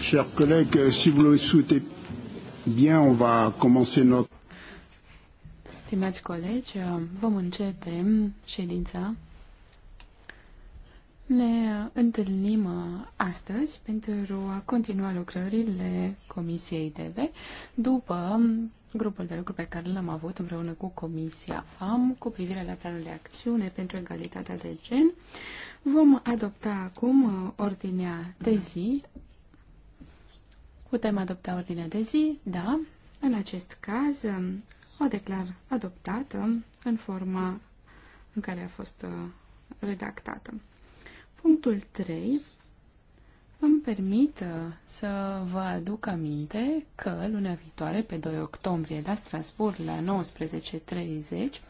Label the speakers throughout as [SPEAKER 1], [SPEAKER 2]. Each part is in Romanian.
[SPEAKER 1] Chers collègues, si vous le souhaitez bien, on va commencer notre.
[SPEAKER 2] Stimați colegi, vom începe ședința. Ne întâlnim astăzi pentru a continua lucrările Comisiei TV după grupul de lucru pe care l-am avut împreună cu Comisia FAM cu privire la planul de acțiune pentru egalitatea de gen. Vom adopta acum uh, ordinea de zi. Putem adopta ordinea de zi? Da. În acest caz um, o declar adoptată în forma în care a fost uh, redactată. Punctul 3 îmi permit uh, să vă aduc aminte că luna viitoare, pe 2 octombrie, la Strasburg, la 19.30,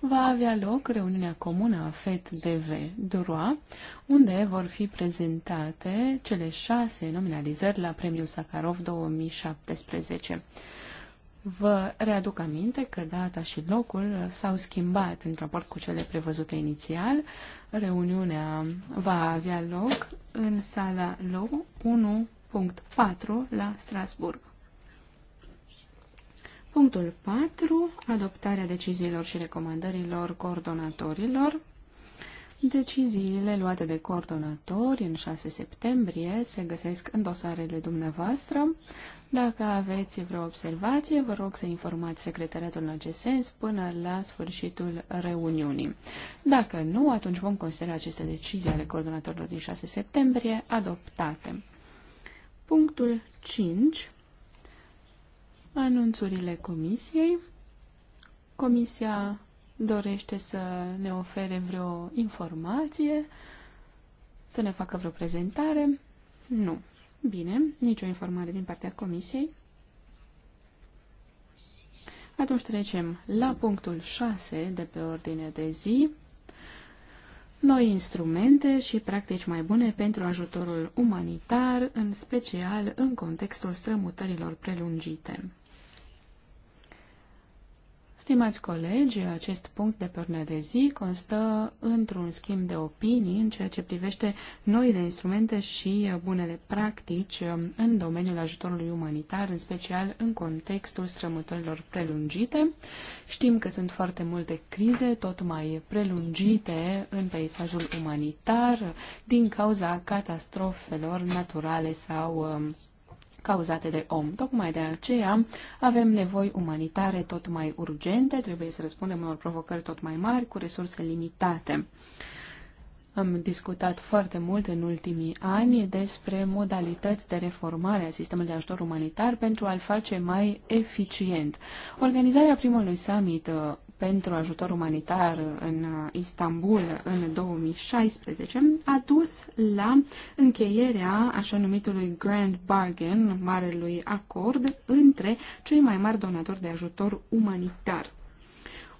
[SPEAKER 2] va avea loc reuniunea comună a FED-DV Duroa, unde vor fi prezentate cele șase nominalizări la Premiul Sakharov 2017. Vă readuc aminte că data și locul s-au schimbat în raport cu cele prevăzute inițial, Reuniunea va avea loc în sala LO 1.4 la Strasburg. Punctul 4. Adoptarea deciziilor și recomandărilor coordonatorilor. Deciziile luate de coordonatori în 6 septembrie se găsesc în dosarele dumneavoastră. Dacă aveți vreo observație, vă rog să informați secretariatul în acest sens până la sfârșitul reuniunii. Dacă nu, atunci vom considera aceste decizii ale coordonatorilor din 6 septembrie adoptate. Punctul 5. Anunțurile comisiei. Comisia dorește să ne ofere vreo informație, să ne facă vreo prezentare? Nu. Bine, nicio informare din partea comisiei. Atunci trecem la punctul 6 de pe ordine de zi. Noi instrumente și practici mai bune pentru ajutorul umanitar, în special în contextul strămutărilor prelungite. Stimați colegi, acest punct de pe de zi constă într-un schimb de opinii în ceea ce privește noile instrumente și bunele practici um, în domeniul ajutorului umanitar, în special în contextul strămutărilor prelungite. Știm că sunt foarte multe crize, tot mai prelungite în peisajul umanitar, din cauza catastrofelor naturale sau um, cauzate de om. Tocmai de aceea avem nevoi umanitare tot mai urgente, trebuie să răspundem unor provocări tot mai mari cu resurse limitate. Am discutat foarte mult în ultimii ani despre modalități de reformare a sistemului de ajutor umanitar pentru a-l face mai eficient. Organizarea primului summit uh, pentru ajutor umanitar în Istanbul în 2016 a dus la încheierea așa numitului Grand Bargain, marelui acord, între cei mai mari donatori de ajutor umanitar.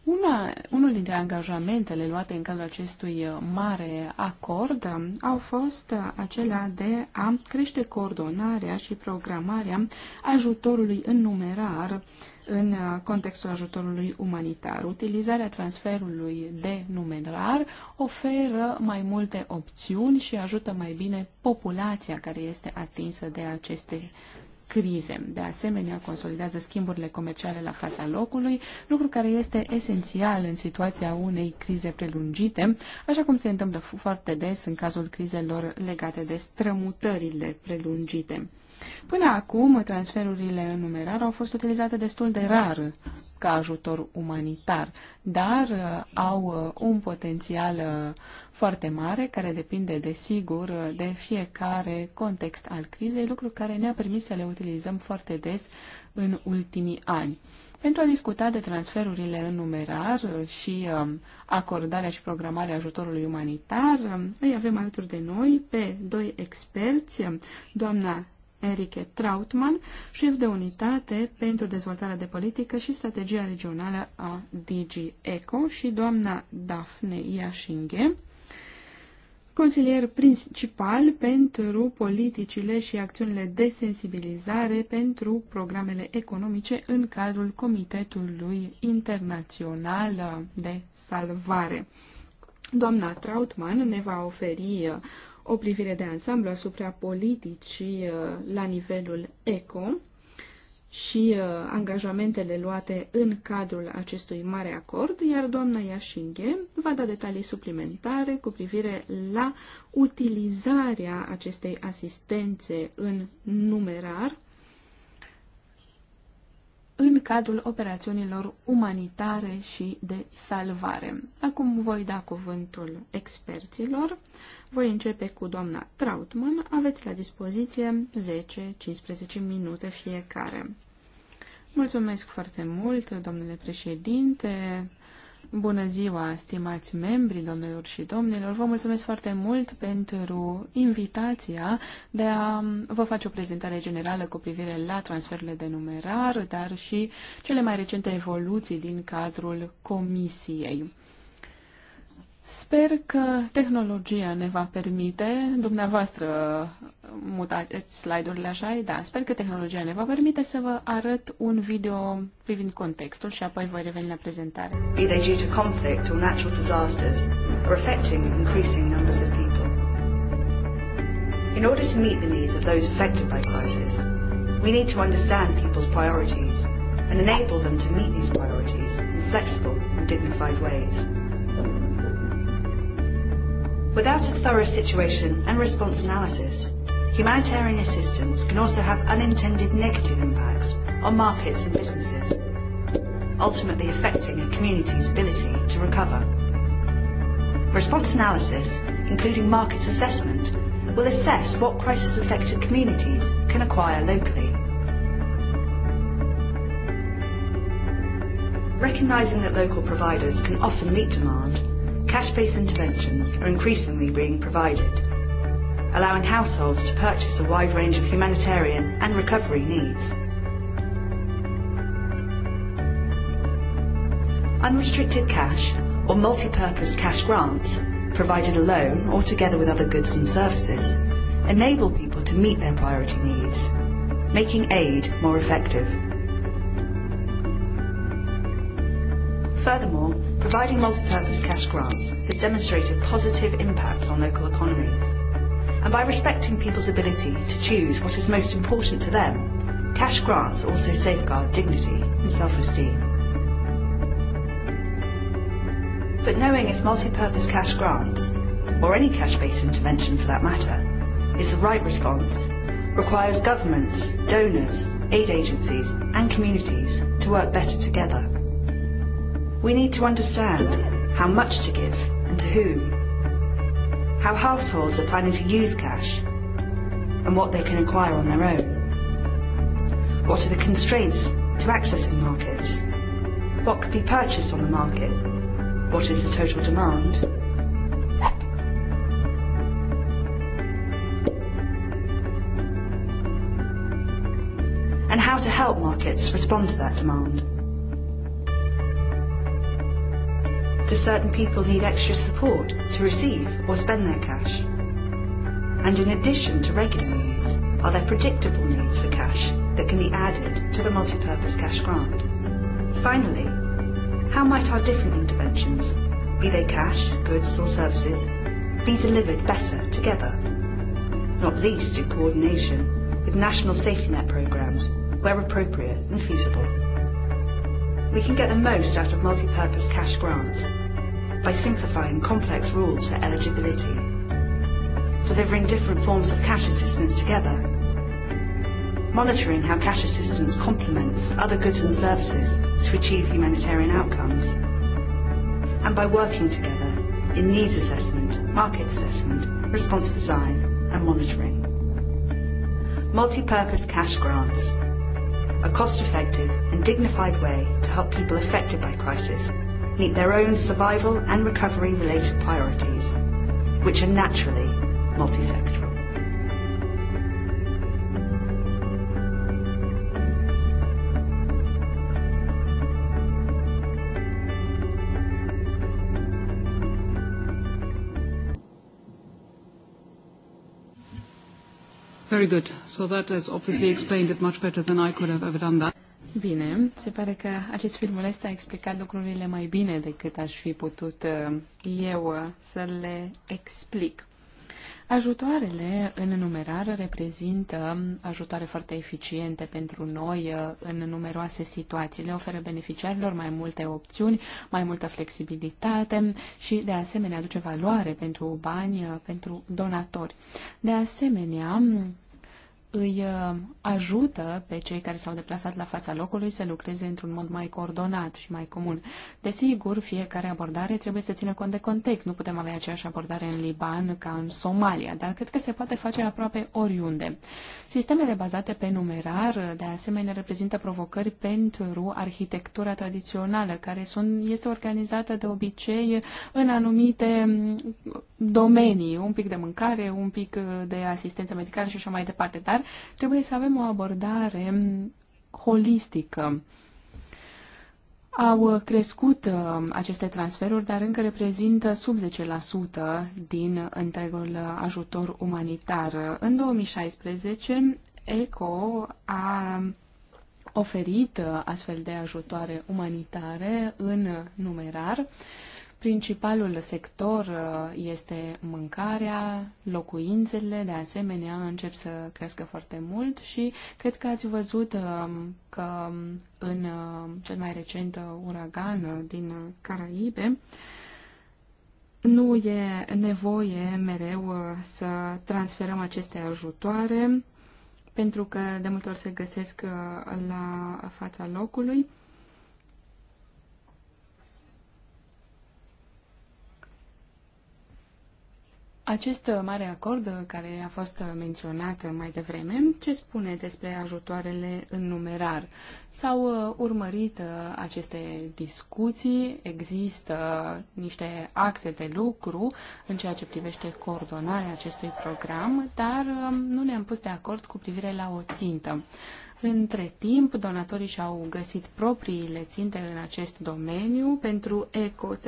[SPEAKER 2] Una, unul dintre angajamentele luate în cadrul acestui mare acord au fost acela de a crește coordonarea și programarea ajutorului în numerar uh, în uh, contextul ajutorului umanitar. Utilizarea transferului de rar oferă mai multe opțiuni și ajută mai bine populația care este atinsă de aceste crize. De asemenea, consolidează schimburile comerciale la fața locului, lucru care este esențial în situația unei crize prelungite, așa cum se întâmplă foarte des în cazul crizelor legate de strămutările prelungite. Până acum, transferurile în numerar au fost utilizate destul de rar ca ajutor umanitar, dar uh, au uh, un potențial uh, foarte mare, care depinde, desigur, de fiecare context al crizei, lucru care ne-a permis să le utilizăm foarte des în ultimii ani. Pentru a discuta de transferurile în numerar și um, acordarea și programarea ajutorului umanitar, um, îi avem alături de noi pe doi experți, um, doamna Enrique Trautmann, șef de unitate pentru dezvoltarea de politică și strategia regională a DG ECO și doamna Daphne Iașinghe, consilier principal pentru politicile și acțiunile de sensibilizare pentru programele economice în cadrul Comitetului Internațional de Salvare. Doamna Trautmann ne va oferi o privire de ansamblu asupra politicii uh, la nivelul ECO și uh, angajamentele luate în cadrul acestui mare acord, iar doamna Iașinghe va da detalii suplimentare cu privire la utilizarea acestei asistențe în numerar în cadrul operațiunilor umanitare și de salvare. Acum voi da cuvântul experților. Voi începe cu doamna Trautman. Aveți la dispoziție 10-15 minute fiecare. Mulțumesc foarte mult, domnule președinte, Bună ziua, stimați membri, domnilor și domnilor! Vă mulțumesc foarte mult pentru invitația de a vă face o prezentare generală cu privire la transferurile de numerar, dar și cele mai recente evoluții din cadrul Comisiei. Sper că tehnologia ne va permite, dumneavoastră mutați slide-urile așa, da, sper că tehnologia ne va permite să vă arăt un video privind contextul și
[SPEAKER 3] apoi voi reveni la prezentare. Be they due to conflict or natural disasters or affecting increasing numbers of people. In order to meet the needs of those affected by crisis, we need to understand people's priorities and enable them to meet these priorities in flexible and dignified ways. Without a thorough situation and response analysis, humanitarian assistance can also have unintended negative impacts on markets and businesses, ultimately affecting a community's ability to recover. Response analysis, including markets assessment, will assess what crisis-affected communities can acquire locally. Recognising that local providers can often meet demand Cash-based interventions are increasingly being provided, allowing households to purchase a wide range of humanitarian and recovery needs. Unrestricted cash or multi-purpose cash grants, provided alone or together with other goods and services, enable people to meet their priority needs, making aid more effective. Furthermore, Providing multi-purpose cash grants has demonstrated positive impacts on local economies. And by respecting people's ability to choose what is most important to them, cash grants also safeguard dignity and self-esteem. But knowing if multi-purpose cash grants, or any cash-based intervention for that matter, is the right response requires governments, donors, aid agencies and communities to work better together we need to understand how much to give and to whom, how households are planning to use cash, and what they can acquire on their own. What are the constraints to accessing markets? What could be purchased on the market? What is the total demand? And how to help markets respond to that demand. do certain people need extra support to receive or spend their cash? And in addition to regular needs, are there predictable needs for cash that can be added to the multi-purpose cash grant? Finally, how might our different interventions, be they cash, goods or services, be delivered better together? Not least in coordination with national safety net programmes where appropriate and feasible. We can get the most out of multi-purpose cash grants by simplifying complex rules for eligibility, delivering different forms of cash assistance together, monitoring how cash assistance complements other goods and services to achieve humanitarian outcomes, and by working together in needs assessment, market assessment, response design and monitoring. Multi-purpose cash grants, a cost-effective and dignified way to help people affected by crisis meet their own survival and recovery related priorities, which are naturally multi-sectoral.
[SPEAKER 4] Very good. So that has obviously explained it much better than I could have ever done that. Bine,
[SPEAKER 2] se pare că acest filmuleț a explicat lucrurile mai bine decât aș fi putut uh, eu uh, să le explic. Ajutoarele în numerar reprezintă um, ajutoare foarte eficiente pentru noi uh, în numeroase situații. Le oferă beneficiarilor mai multe opțiuni, mai multă flexibilitate um, și, de asemenea, aduce valoare pentru bani, pentru donatori. De asemenea, um, îi uh, ajută pe cei care s-au deplasat la fața locului să lucreze într-un mod mai coordonat și mai comun. Desigur, fiecare abordare trebuie să țină cont de context. Nu putem avea aceeași abordare în Liban ca în Somalia, dar cred că se poate face aproape oriunde. Sistemele bazate pe numerar, de asemenea, reprezintă provocări pentru arhitectura tradițională, care sunt, este organizată de obicei în anumite mm, domenii, un pic de mâncare, un pic de asistență medicală și așa mai departe. Dar dar trebuie să avem o abordare holistică. Au crescut uh, aceste transferuri, dar încă reprezintă sub 10% din întregul ajutor umanitar. În 2016, ECO a oferit uh, astfel de ajutoare umanitare în numerar Principalul sector uh, este mâncarea, locuințele, de asemenea încep să crească foarte mult și cred că ați văzut um, că um, în um, cel mai recent uragan din Caraibe, nu e nevoie mereu uh, să transferăm aceste ajutoare, pentru că de multe ori se găsesc uh, la fața locului. Acest mare acord care a fost menționat mai devreme, ce spune despre ajutoarele în numerar? S-au uh, urmărit uh, aceste discuții, există niște axe de lucru în ceea ce privește coordonarea acestui program, dar um, nu ne-am pus de acord cu privire la o țintă. Între timp, donatorii și-au găsit propriile ținte în acest domeniu. Pentru ECO, 35%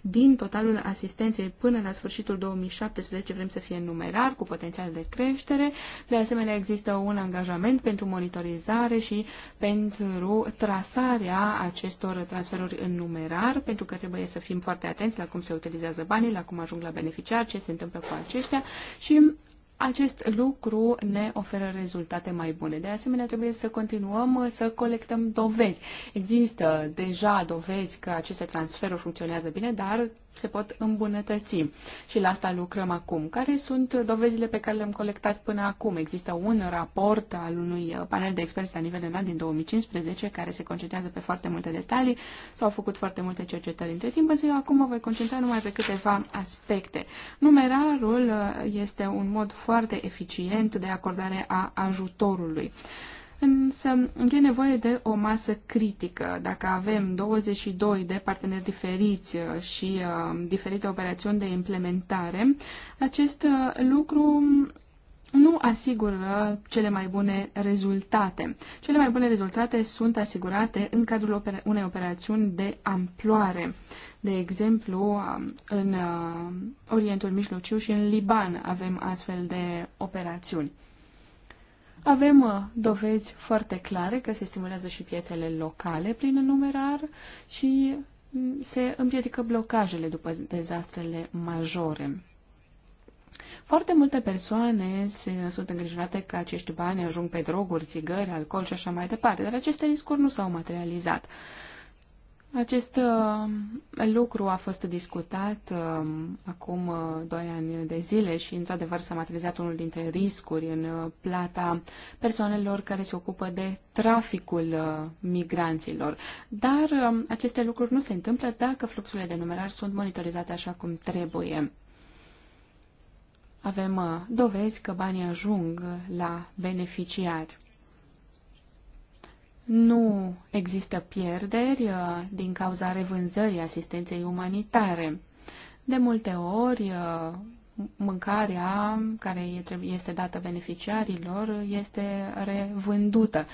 [SPEAKER 2] din totalul asistenței până la sfârșitul 2017 vrem să fie numerar, cu potențial de creștere. De asemenea, există un angajament pentru monitorizare și pentru trasarea acestor transferuri în numerar, pentru că trebuie să fim foarte atenți la cum se utilizează banii, la cum ajung la beneficiar, ce se întâmplă cu aceștia și acest lucru ne oferă rezultate mai bune. De asemenea, trebuie să continuăm să colectăm dovezi. Există deja dovezi că aceste transferuri funcționează bine, dar se pot îmbunătăți. Și la asta lucrăm acum. Care sunt dovezile pe care le-am colectat până acum? Există un raport al unui panel de experți la nivel înalt din 2015 care se concentrează pe foarte multe detalii. S-au făcut foarte multe cercetări între timp, însă eu acum mă voi concentra numai pe câteva aspecte. Numerarul este un mod foarte eficient de acordare a ajutorului însă e nevoie de o masă critică. Dacă avem 22 de parteneri diferiți uh, și uh, diferite operațiuni de implementare, acest uh, lucru nu asigură cele mai bune rezultate. Cele mai bune rezultate sunt asigurate în cadrul opera unei operațiuni de amploare. De exemplu, um, în uh, Orientul Mijlociu și în Liban avem astfel de operațiuni. Avem uh, dovezi foarte clare că se stimulează și piețele locale prin numerar și mm, se împiedică blocajele după dezastrele majore. Foarte multe persoane se, sunt îngrijorate că acești bani ajung pe droguri, țigări, alcool și așa mai departe, dar aceste riscuri nu s-au materializat. Acest uh, lucru a fost discutat uh, acum uh, doi ani de zile și, într-adevăr, s-a materializat unul dintre riscuri în plata persoanelor care se ocupă de traficul migranților. Dar aceste lucruri nu se întâmplă dacă fluxurile de numerar sunt monitorizate așa cum trebuie. Avem dovezi că banii ajung la beneficiari nu există pierderi uh, din cauza revânzării asistenței umanitare. De multe ori, uh, mâncarea care este dată beneficiarilor este revândută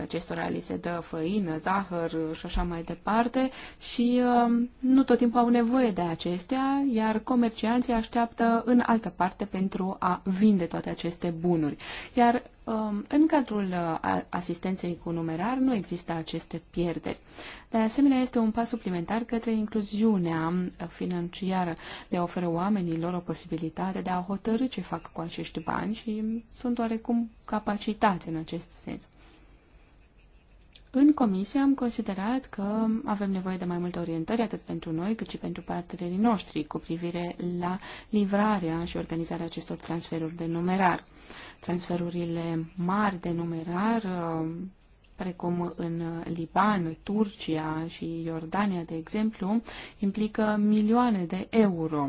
[SPEAKER 2] acestora li se dă făină, zahăr și așa mai departe și um, nu tot timpul au nevoie de acestea, iar comercianții așteaptă în altă parte pentru a vinde toate aceste bunuri. Iar um, în cadrul uh, asistenței cu numerar nu există aceste pierderi. De asemenea, este un pas suplimentar către incluziunea uh, financiară. Le oferă oamenilor o posibilitate de a hotărâ ce fac cu acești bani și sunt oarecum capacitați în acest sens. În comisie am considerat că avem nevoie de mai multe orientări, atât pentru noi, cât și pentru partenerii noștri, cu privire la livrarea și organizarea acestor transferuri de numerar. Transferurile mari de numerar, uh, precum în Liban, Turcia și Iordania, de exemplu, implică milioane de euro.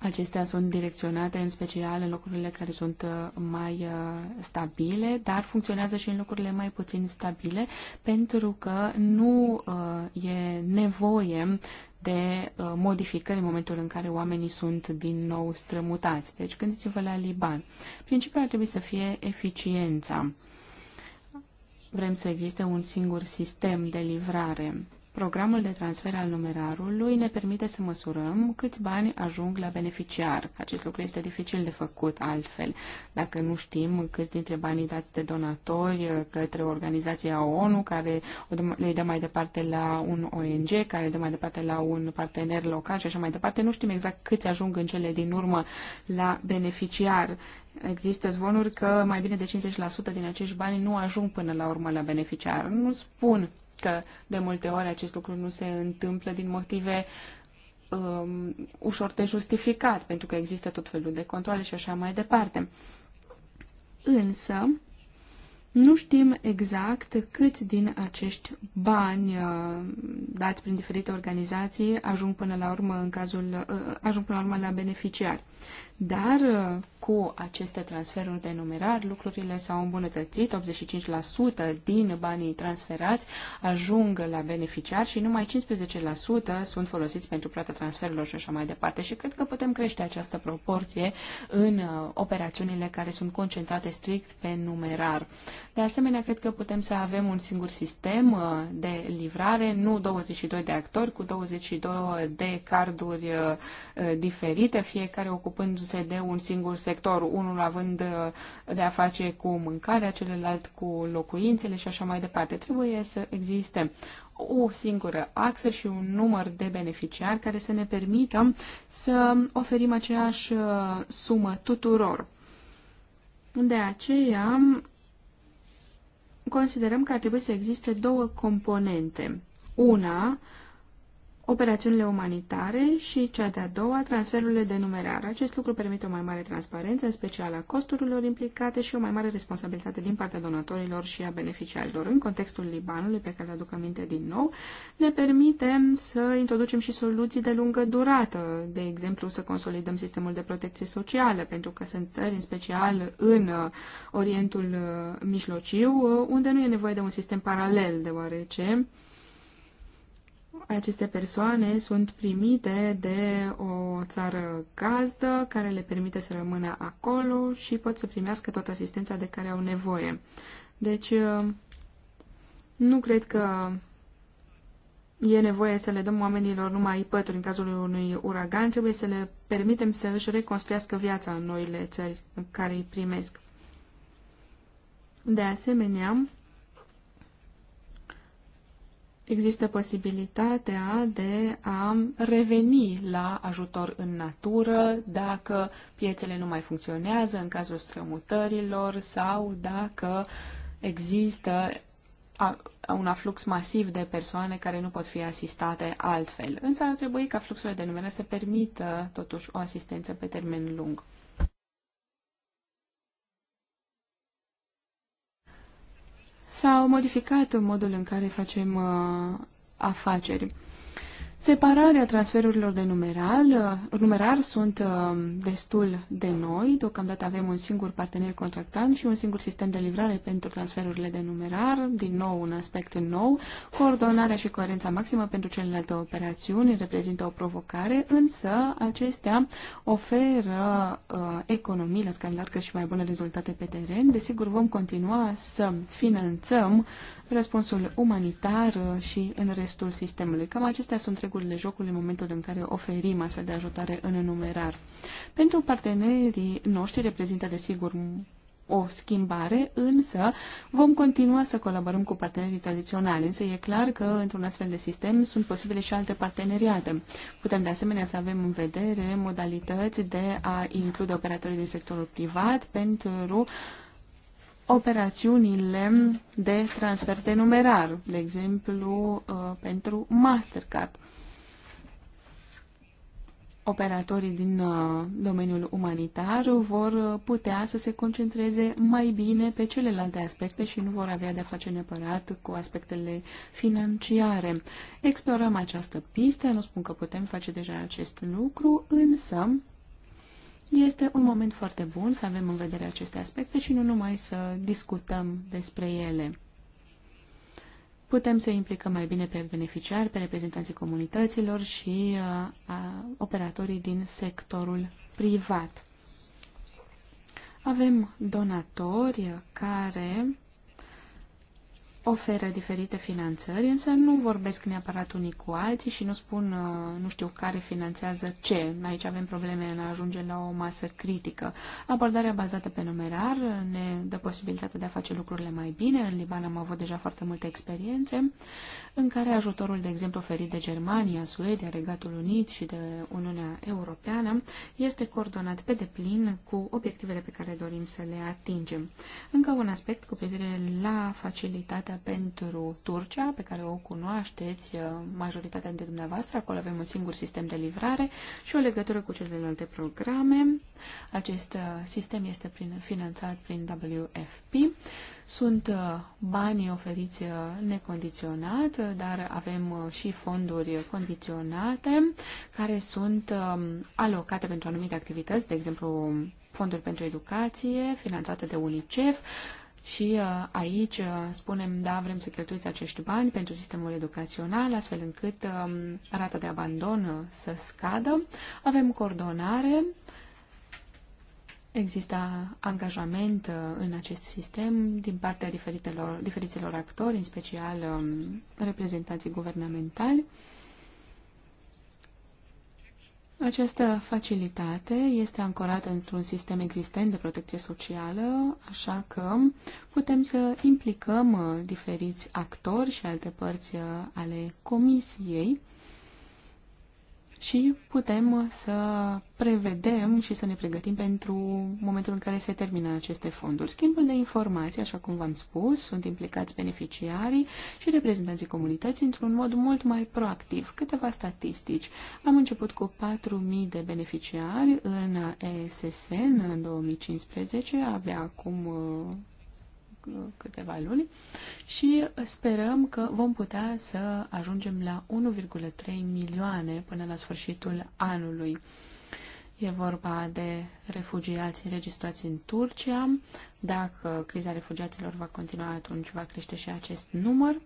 [SPEAKER 2] Acestea sunt direcționate în special în locurile care sunt uh, mai uh, stabile, dar funcționează și în locurile mai puțin stabile, pentru că nu uh, e nevoie de modificări în momentul în care oamenii sunt din nou strămutați. Deci gândiți-vă la Liban. Principiul ar trebui să fie eficiența. Vrem să existe un singur sistem de livrare Programul de transfer al numerarului ne permite să măsurăm câți bani ajung la beneficiar. Acest lucru este dificil de făcut altfel. Dacă nu știm câți dintre banii dați de donatori uh, către organizația ONU, care îi dă mai departe la un ONG, care dă mai departe la un partener local și așa mai departe, nu știm exact câți ajung în cele din urmă la beneficiar. Există zvonuri că mai bine de 50% din acești bani nu ajung până la urmă la beneficiar. Nu spun că de multe ori acest lucru nu se întâmplă din motive um, ușor de justificat, pentru că există tot felul de controle și așa mai departe. Însă, nu știm exact cât din acești bani uh, dați prin diferite organizații ajung până la urmă în cazul uh, ajung până la urmă la beneficiari dar uh, cu aceste transferuri de numerar lucrurile s-au îmbunătățit, 85% din banii transferați ajung la beneficiar și numai 15% sunt folosiți pentru plata transferurilor și așa mai departe și cred că putem crește această proporție în uh, operațiunile care sunt concentrate strict pe numerar. De asemenea, cred că putem să avem un singur sistem uh, de livrare, nu 22 de actori cu 22 de carduri diferite, fiecare ocupând folosindu de un singur sector, unul având uh, de a face cu mâncarea, celălalt cu locuințele și așa mai departe. Trebuie să existe o singură axă și un număr de beneficiari care să ne permită să oferim aceeași uh, sumă tuturor. De aceea, considerăm că ar trebui să existe două componente. Una, uh, operațiunile umanitare și cea de-a doua, transferurile de numerar. Acest lucru permite o mai mare transparență, în special a costurilor implicate și o mai mare responsabilitate din partea donatorilor și a beneficiarilor. În contextul Libanului, pe care le aduc aminte din nou, ne permitem să introducem și soluții de lungă durată, de exemplu să consolidăm sistemul de protecție socială, pentru că sunt țări, în special în uh, Orientul uh, Mijlociu, uh, unde nu e nevoie de un sistem paralel, deoarece aceste persoane sunt primite de o țară gazdă care le permite să rămână acolo și pot să primească toată asistența de care au nevoie. Deci, uh, nu cred că e nevoie să le dăm oamenilor numai pături în cazul unui uragan, trebuie să le permitem să își reconstruiască viața în noile țări în care îi primesc. De asemenea, există posibilitatea de a reveni la ajutor în natură dacă piețele nu mai funcționează în cazul strămutărilor sau dacă există un aflux masiv de persoane care nu pot fi asistate altfel. Însă ar trebui ca fluxurile de numere să permită totuși o asistență pe termen lung. s-au modificat modul în care facem uh, afaceri. Separarea transferurilor de numeral, uh, numerar sunt uh, destul de noi. Deocamdată avem un singur partener contractant și un singur sistem de livrare pentru transferurile de numerar, din nou un aspect nou. Coordonarea și coerența maximă pentru celelalte operațiuni reprezintă o provocare, însă acestea oferă uh, economii la scară largă și mai bune rezultate pe teren. Desigur, vom continua să finanțăm răspunsul umanitar uh, și în restul sistemului. Cam acestea sunt regulile jocului în momentul în care oferim astfel de ajutare în numerar. Pentru partenerii noștri reprezintă, desigur, o schimbare, însă vom continua să colaborăm cu partenerii tradiționali. Însă e clar că într-un astfel de sistem sunt posibile și alte parteneriate. Putem de asemenea să avem în vedere modalități de a include operatorii din sectorul privat pentru operațiunile de transfer de numerar, de exemplu uh, pentru Mastercard. Operatorii din uh, domeniul umanitar vor putea să se concentreze mai bine pe celelalte aspecte și nu vor avea de-a face neapărat cu aspectele financiare. Explorăm această pistă, nu spun că putem face deja acest lucru, însă este un moment foarte bun să avem în vedere aceste aspecte și nu numai să discutăm despre ele. Putem să implicăm mai bine pe beneficiari, pe reprezentanții comunităților și uh, a, operatorii din sectorul privat. Avem donatori care oferă diferite finanțări, însă nu vorbesc neapărat unii cu alții și nu spun, uh, nu știu care finanțează ce. Aici avem probleme în a ajunge la o masă critică. Abordarea bazată pe numerar ne dă posibilitatea de a face lucrurile mai bine. În Liban am avut deja foarte multe experiențe în care ajutorul, de exemplu, oferit de Germania, Suedia, Regatul Unit și de Uniunea Europeană este coordonat pe deplin cu obiectivele pe care dorim să le atingem. Încă un aspect cu privire la facilitatea pentru Turcia, pe care o cunoașteți uh, majoritatea dintre dumneavoastră. Acolo avem un singur sistem de livrare și o legătură cu celelalte programe. Acest uh, sistem este prin, finanțat prin WFP. Sunt uh, banii oferiți necondiționat, dar avem și fonduri condiționate care sunt um, alocate pentru anumite activități, de exemplu fonduri pentru educație finanțate de UNICEF și uh, aici uh, spunem, da, vrem să cheltuiți acești bani pentru sistemul educațional, astfel încât um, rata de abandon uh, să scadă. Avem coordonare, Există angajament în acest sistem din partea diferitelor, diferiților actori, în special um, reprezentanții guvernamentali. Această facilitate este ancorată într-un sistem existent de protecție socială, așa că putem să implicăm uh, diferiți actori și alte părți uh, ale comisiei și putem să prevedem și să ne pregătim pentru momentul în care se termină aceste fonduri. Schimbul de informații, așa cum v-am spus, sunt implicați beneficiarii și reprezentanții comunității într-un mod mult mai proactiv. Câteva statistici. Am început cu 4.000 de beneficiari în ESSN în 2015, abia acum câteva luni și sperăm că vom putea să ajungem la 1,3 milioane până la sfârșitul anului. E vorba de refugiați înregistrați în Turcia. Dacă criza refugiaților va continua, atunci va crește și acest număr.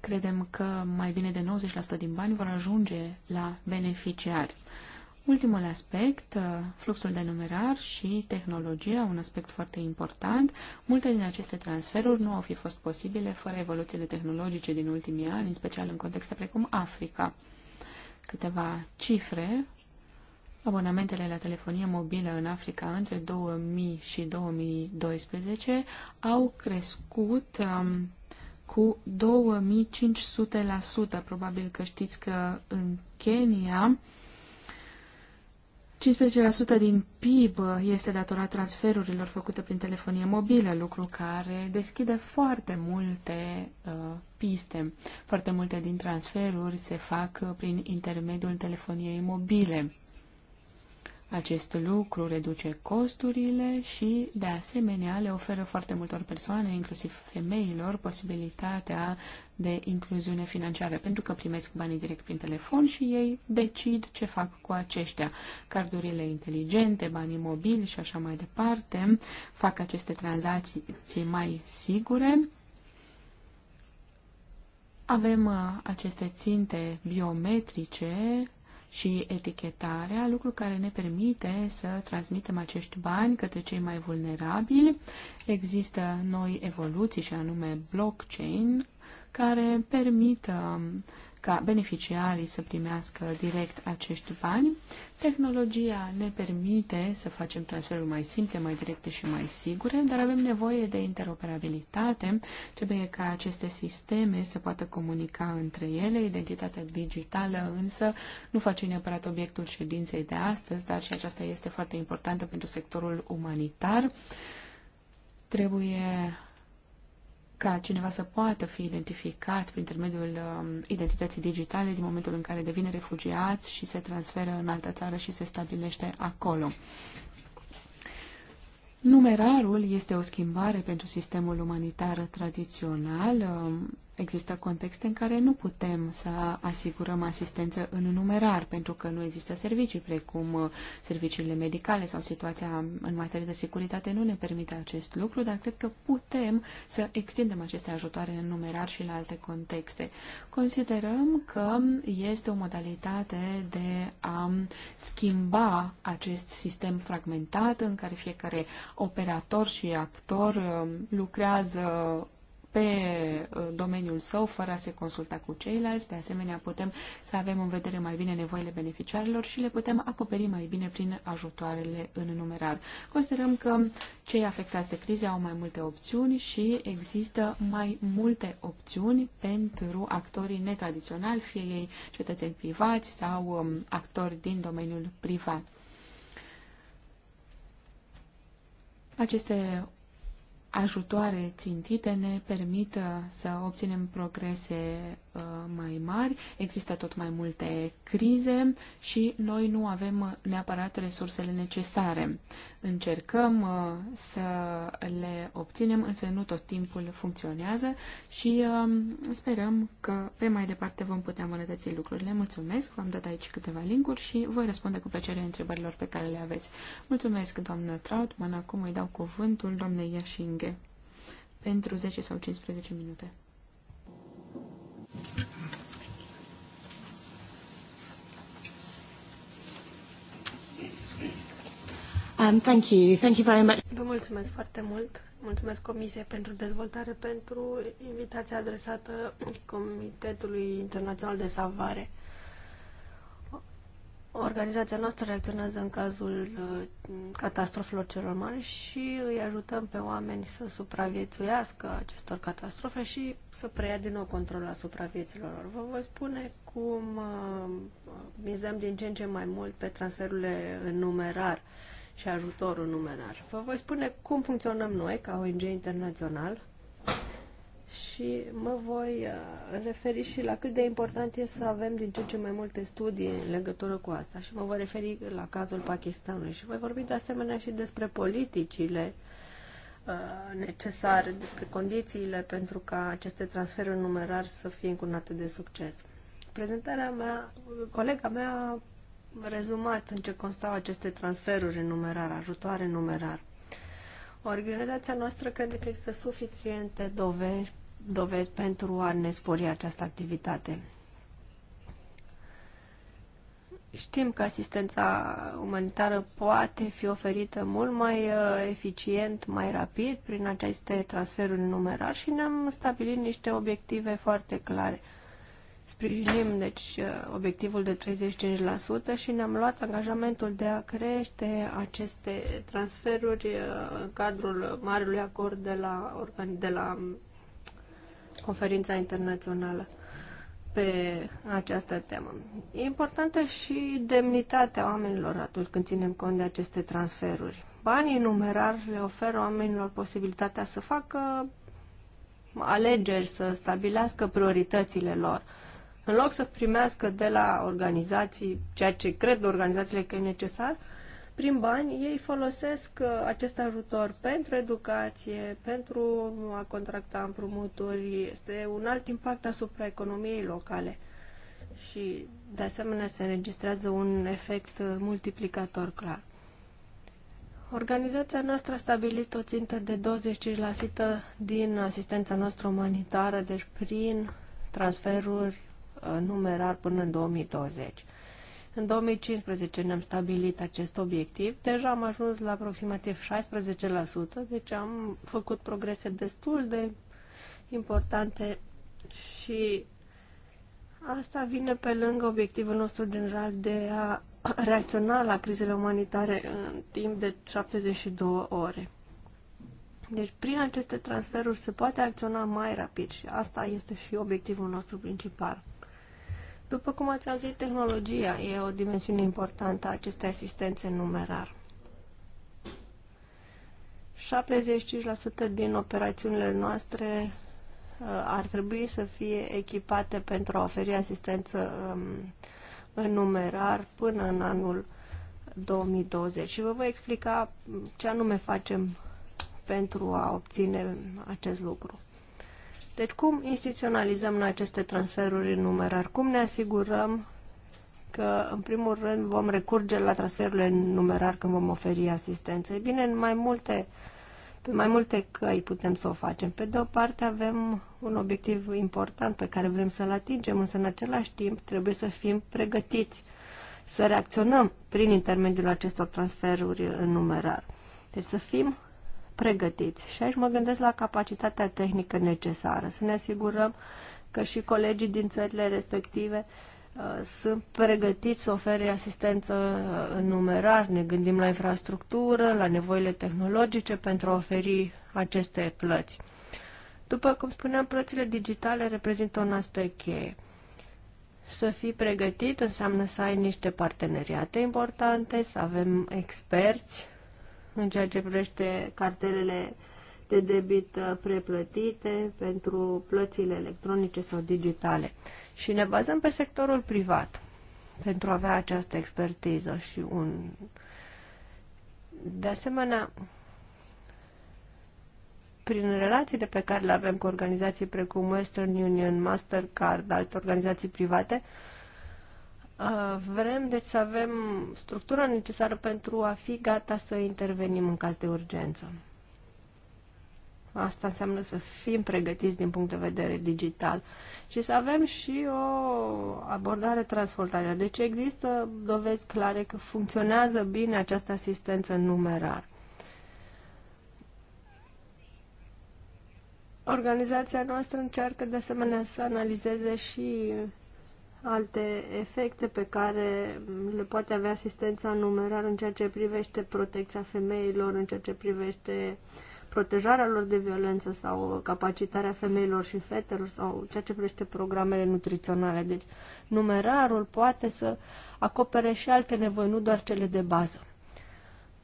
[SPEAKER 2] Credem că mai bine de 90% din bani vor ajunge la beneficiari. Ultimul aspect, uh, fluxul de numerar și tehnologia, un aspect foarte important. Multe din aceste transferuri nu au fi fost posibile fără evoluțiile tehnologice din ultimii ani, în special în contexte precum Africa. Câteva cifre. Abonamentele la telefonie mobilă în Africa între 2000 și 2012 au crescut um, cu 2500%. Probabil că știți că în Kenya 15% din PIB este datorat transferurilor făcute prin telefonie mobilă, lucru care deschide foarte multe uh, piste. Foarte multe din transferuri se fac prin intermediul telefoniei mobile. Acest lucru reduce costurile și, de asemenea, le oferă foarte multor persoane, inclusiv femeilor, posibilitatea de incluziune financiară, pentru că primesc banii direct prin telefon și ei decid ce fac cu aceștia. Cardurile inteligente, banii mobili și așa mai departe fac aceste tranzacții mai sigure. Avem uh, aceste ținte biometrice și etichetarea, lucru care ne permite să transmitem acești bani către cei mai vulnerabili. Există noi evoluții și anume blockchain, care permită ca beneficiarii să primească direct acești bani. Tehnologia ne permite să facem transferuri mai simple, mai directe și mai sigure, dar avem nevoie de interoperabilitate. Trebuie ca aceste sisteme să poată comunica între ele. Identitatea digitală însă nu face neapărat obiectul ședinței de astăzi, dar și aceasta este foarte importantă pentru sectorul umanitar. Trebuie ca cineva să poată fi identificat prin intermediul um, identității digitale din momentul în care devine refugiat și se transferă în altă țară și se stabilește acolo. Numerarul este o schimbare pentru sistemul umanitar tradițional. Um, Există contexte în care nu putem să asigurăm asistență în numerar, pentru că nu există servicii, precum uh, serviciile medicale sau situația în materie de securitate nu ne permite acest lucru, dar cred că putem să extindem aceste ajutoare în numerar și la alte contexte. Considerăm că este o modalitate de a um, schimba acest sistem fragmentat în care fiecare operator și actor um, lucrează pe uh, domeniul său fără a se consulta cu ceilalți. De asemenea, putem să avem în vedere mai bine nevoile beneficiarilor și le putem acoperi mai bine prin ajutoarele în numerar. Considerăm că cei afectați de crize au mai multe opțiuni și există mai multe opțiuni pentru actorii netradiționali, fie ei cetățeni privați sau um, actori din domeniul privat. Aceste ajutoare țintite ne permită să obținem progrese uh, mai mari. Există tot mai multe crize și noi nu avem neapărat resursele necesare încercăm uh, să le obținem, însă nu tot timpul funcționează și um, sperăm că pe mai departe vom putea îmbunătăți lucrurile. Mulțumesc, v-am dat aici câteva linkuri și voi răspunde cu plăcere întrebărilor pe care le aveți. Mulțumesc, doamnă Trautman, acum îi dau cuvântul doamnei Iașinghe pentru 10 sau 15 minute.
[SPEAKER 3] Um, thank you. Thank you very much.
[SPEAKER 5] Vă mulțumesc foarte mult. Mulțumesc Comisiei pentru dezvoltare, pentru invitația adresată Comitetului Internațional de Salvare. Organizația noastră reacționează în cazul uh, catastrofelor celor mari și îi ajutăm pe oameni să supraviețuiască acestor catastrofe și să preia din nou controlul asupra vieților lor. Vă voi spune cum uh, mizăm din ce în ce mai mult pe transferurile în numerar și ajutorul numerar. Vă voi spune cum funcționăm noi ca ONG internațional și mă voi uh, referi și la cât de important este să avem din ce în ce mai multe studii în legătură cu asta și mă voi referi la cazul Pakistanului și voi vorbi de asemenea și despre politicile uh, necesare, despre condițiile pentru ca aceste transferuri numerar să fie încunate de succes. Prezentarea mea, colega mea a rezumat în ce constau aceste transferuri în numerar, ajutoare în numerar. Organizația noastră crede că există suficiente dovezi, dovezi pentru a ne spori această activitate. Știm că asistența umanitară poate fi oferită mult mai uh, eficient, mai rapid prin aceste transferuri numerar și ne-am stabilit niște obiective foarte clare – Sprijinim, deci, uh, obiectivul de 35% și ne-am luat angajamentul de a crește aceste transferuri uh, în cadrul marelui acord de la, de la um, conferința internațională pe această temă. E importantă și demnitatea oamenilor atunci când ținem cont de aceste transferuri. Banii numerar le oferă oamenilor posibilitatea să facă alegeri, să stabilească prioritățile lor. În loc să primească de la organizații ceea ce cred organizațiile că e necesar, prin bani ei folosesc uh, acest ajutor pentru educație, pentru a contracta împrumuturi. Este un alt impact asupra economiei locale și de asemenea se înregistrează un efect uh, multiplicator clar. Organizația noastră a stabilit o țintă de 25% din asistența noastră umanitară, deci prin transferuri Uh, numerar până în 2020. În 2015 ne-am stabilit acest obiectiv, deja am ajuns la aproximativ 16%, deci am făcut progrese destul de importante și asta vine pe lângă obiectivul nostru general de a reacționa la crizele umanitare în timp de 72 ore. Deci prin aceste transferuri se poate acționa mai rapid și asta este și obiectivul nostru principal. După cum ați auzit, tehnologia e o dimensiune importantă a acestei asistențe numerar. 75% din operațiunile noastre uh, ar trebui să fie echipate pentru a oferi asistență um, în numerar până în anul 2020. Și vă voi explica ce anume facem pentru a obține acest lucru. Deci cum instituționalizăm noi aceste transferuri în numerar? Cum ne asigurăm că, în primul rând, vom recurge la transferurile în numerar când vom oferi asistență? E bine, în mai multe, pe mai multe căi putem să o facem. Pe de o parte, avem un obiectiv important pe care vrem să-l atingem, însă, în același timp, trebuie să fim pregătiți să reacționăm prin intermediul acestor transferuri în numerar. Deci să fim pregătiți. Și aici mă gândesc la capacitatea tehnică necesară, să ne asigurăm că și colegii din țările respective uh, sunt pregătiți să ofere asistență uh, în numerar. Ne gândim la infrastructură, la nevoile tehnologice pentru a oferi aceste plăți. După cum spuneam, plățile digitale reprezintă un aspect cheie. Să fii pregătit înseamnă să ai niște parteneriate importante, să avem experți în ceea ce privește cartelele de debit uh, preplătite pentru plățile electronice sau digitale. Și ne bazăm pe sectorul privat pentru a avea această expertiză și un... De asemenea, prin relațiile pe care le avem cu organizații precum Western Union, Mastercard, alte organizații private, uh, Vrem, deci, să avem structura necesară pentru a fi gata să intervenim în caz de urgență. Asta înseamnă să fim pregătiți din punct de vedere digital și să avem și o abordare transfrontalieră. Deci există dovezi clare că funcționează bine această asistență numerar. Organizația noastră încearcă de asemenea să analizeze și alte efecte pe care le poate avea asistența numerară în ceea ce privește protecția femeilor, în ceea ce privește protejarea lor de violență sau capacitarea femeilor și fetelor sau ceea ce privește programele nutriționale. Deci numerarul poate să acopere și alte nevoi, nu doar cele de bază.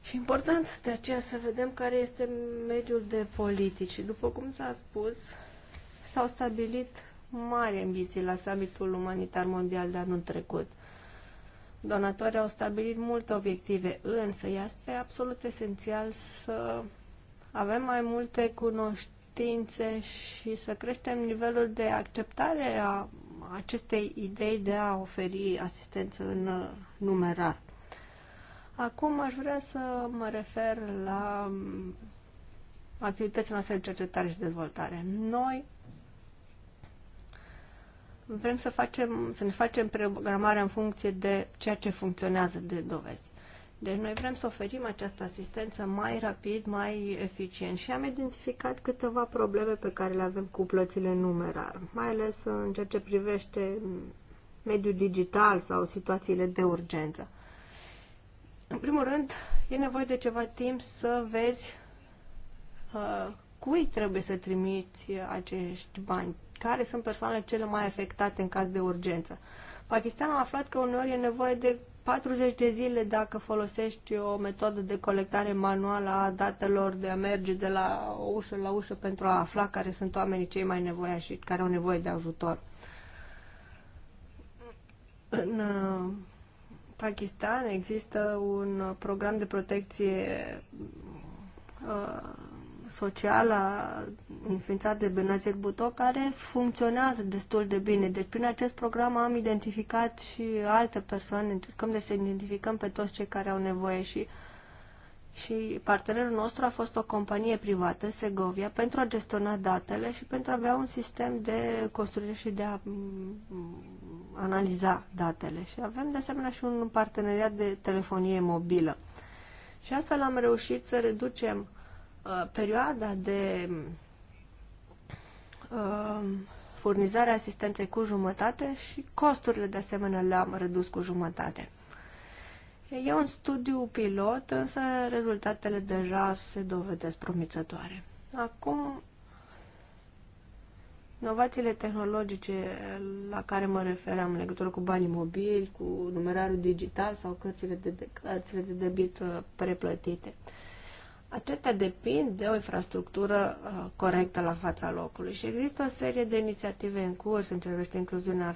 [SPEAKER 5] Și important de aceea să vedem care este mediul de politici. După cum s-a spus, s-au stabilit mari ambiții la summitul umanitar mondial de anul trecut. Donatorii au stabilit multe obiective, însă este absolut esențial să avem mai multe cunoștințe și să creștem nivelul de acceptare a acestei idei de a oferi asistență în numerar. Acum aș vrea să mă refer la activitățile noastre de cercetare și dezvoltare. Noi Vrem să, facem, să ne facem programarea în funcție de ceea ce funcționează de dovezi. Deci noi vrem să oferim această asistență mai rapid, mai eficient și am identificat câteva probleme pe care le avem cu plățile numerar, mai ales în ceea ce privește mediul digital sau situațiile de urgență. În primul rând, e nevoie de ceva timp să vezi uh, cui trebuie să trimiți acești bani care sunt persoanele cele mai afectate în caz de urgență. Pakistanul a aflat că uneori e nevoie de 40 de zile dacă folosești o metodă de colectare manuală a datelor de a merge de la ușă la ușă pentru a afla care sunt oamenii cei mai nevoiași și care au nevoie de ajutor. În uh, Pakistan există un program de protecție uh, socială înființat de Benazir Buto, care funcționează destul de bine. Deci prin acest program am identificat și alte persoane, încercăm de deci să identificăm pe toți cei care au nevoie și și partenerul nostru a fost o companie privată, Segovia, pentru a gestiona datele și pentru a avea un sistem de construire și de a analiza datele. Și avem de asemenea și un parteneriat de telefonie mobilă. Și astfel am reușit să reducem Uh, perioada de uh, furnizare asistenței cu jumătate și costurile de asemenea le-am redus cu jumătate. E un studiu pilot, însă rezultatele deja se dovedesc promițătoare. Acum, inovațiile tehnologice la care mă refeream legătură cu banii mobili, cu numerarul digital sau cărțile de, de, cărțile de debit uh, preplătite. Uh, Acestea depind de o infrastructură uh, corectă la fața locului și există o serie de inițiative în curs în ce privește incluziunea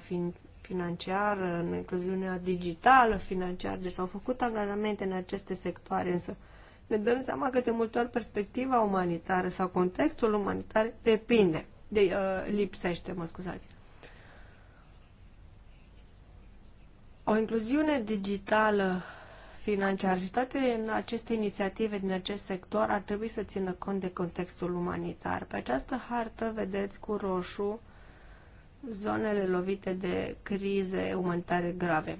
[SPEAKER 5] financiară, în incluziunea digitală financiară, deci s-au făcut angajamente în aceste sectoare, însă ne dăm seama că de multe ori perspectiva umanitară sau contextul umanitar depinde, de, uh, lipsește, mă scuzați. O incluziune digitală financiar și toate aceste inițiative din acest sector ar trebui să țină cont de contextul umanitar. Pe această hartă vedeți cu roșu zonele lovite de crize umanitare grave.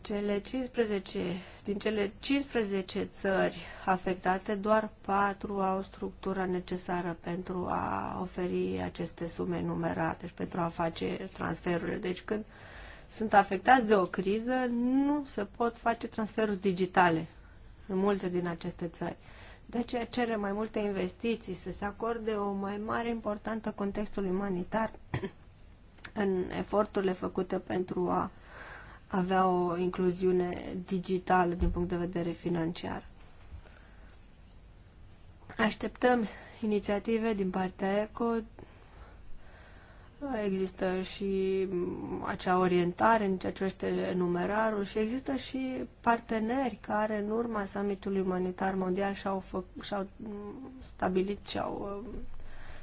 [SPEAKER 5] Cele 15, din cele 15 țări afectate, doar 4 au structura necesară pentru a oferi aceste sume numerate și pentru a face transferurile. Deci când sunt afectați de o criză, nu se pot face transferuri digitale în multe din aceste țări. De aceea cere mai multe investiții, să se acorde o mai mare importantă contextului umanitar în eforturile făcute pentru a avea o incluziune digitală din punct de vedere financiar. Așteptăm inițiative din partea ECO Există și mm, acea orientare în ceea ce este numerarul și există și parteneri care în urma summitului umanitar mondial și-au, fă- și-au mm, stabilit și-au mm,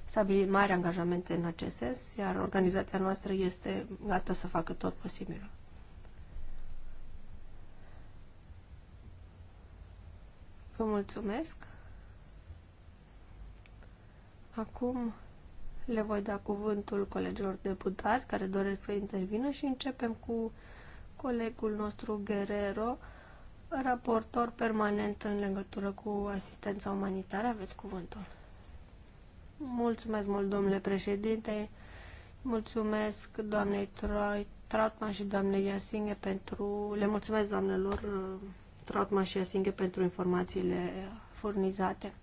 [SPEAKER 5] stabilit mari angajamente în acest sens, iar organizația noastră este gata să facă tot posibilul. Vă mulțumesc. Acum le voi da cuvântul colegilor deputați care doresc să intervină și începem cu colegul nostru Guerrero, raportor permanent în legătură cu asistența umanitară. Aveți cuvântul. Mulțumesc mult, domnule președinte. Mulțumesc doamnei Trautman și doamnei Iasinghe pentru... Le mulțumesc doamnelor uh, Trautman și Iasinghe pentru informațiile furnizate.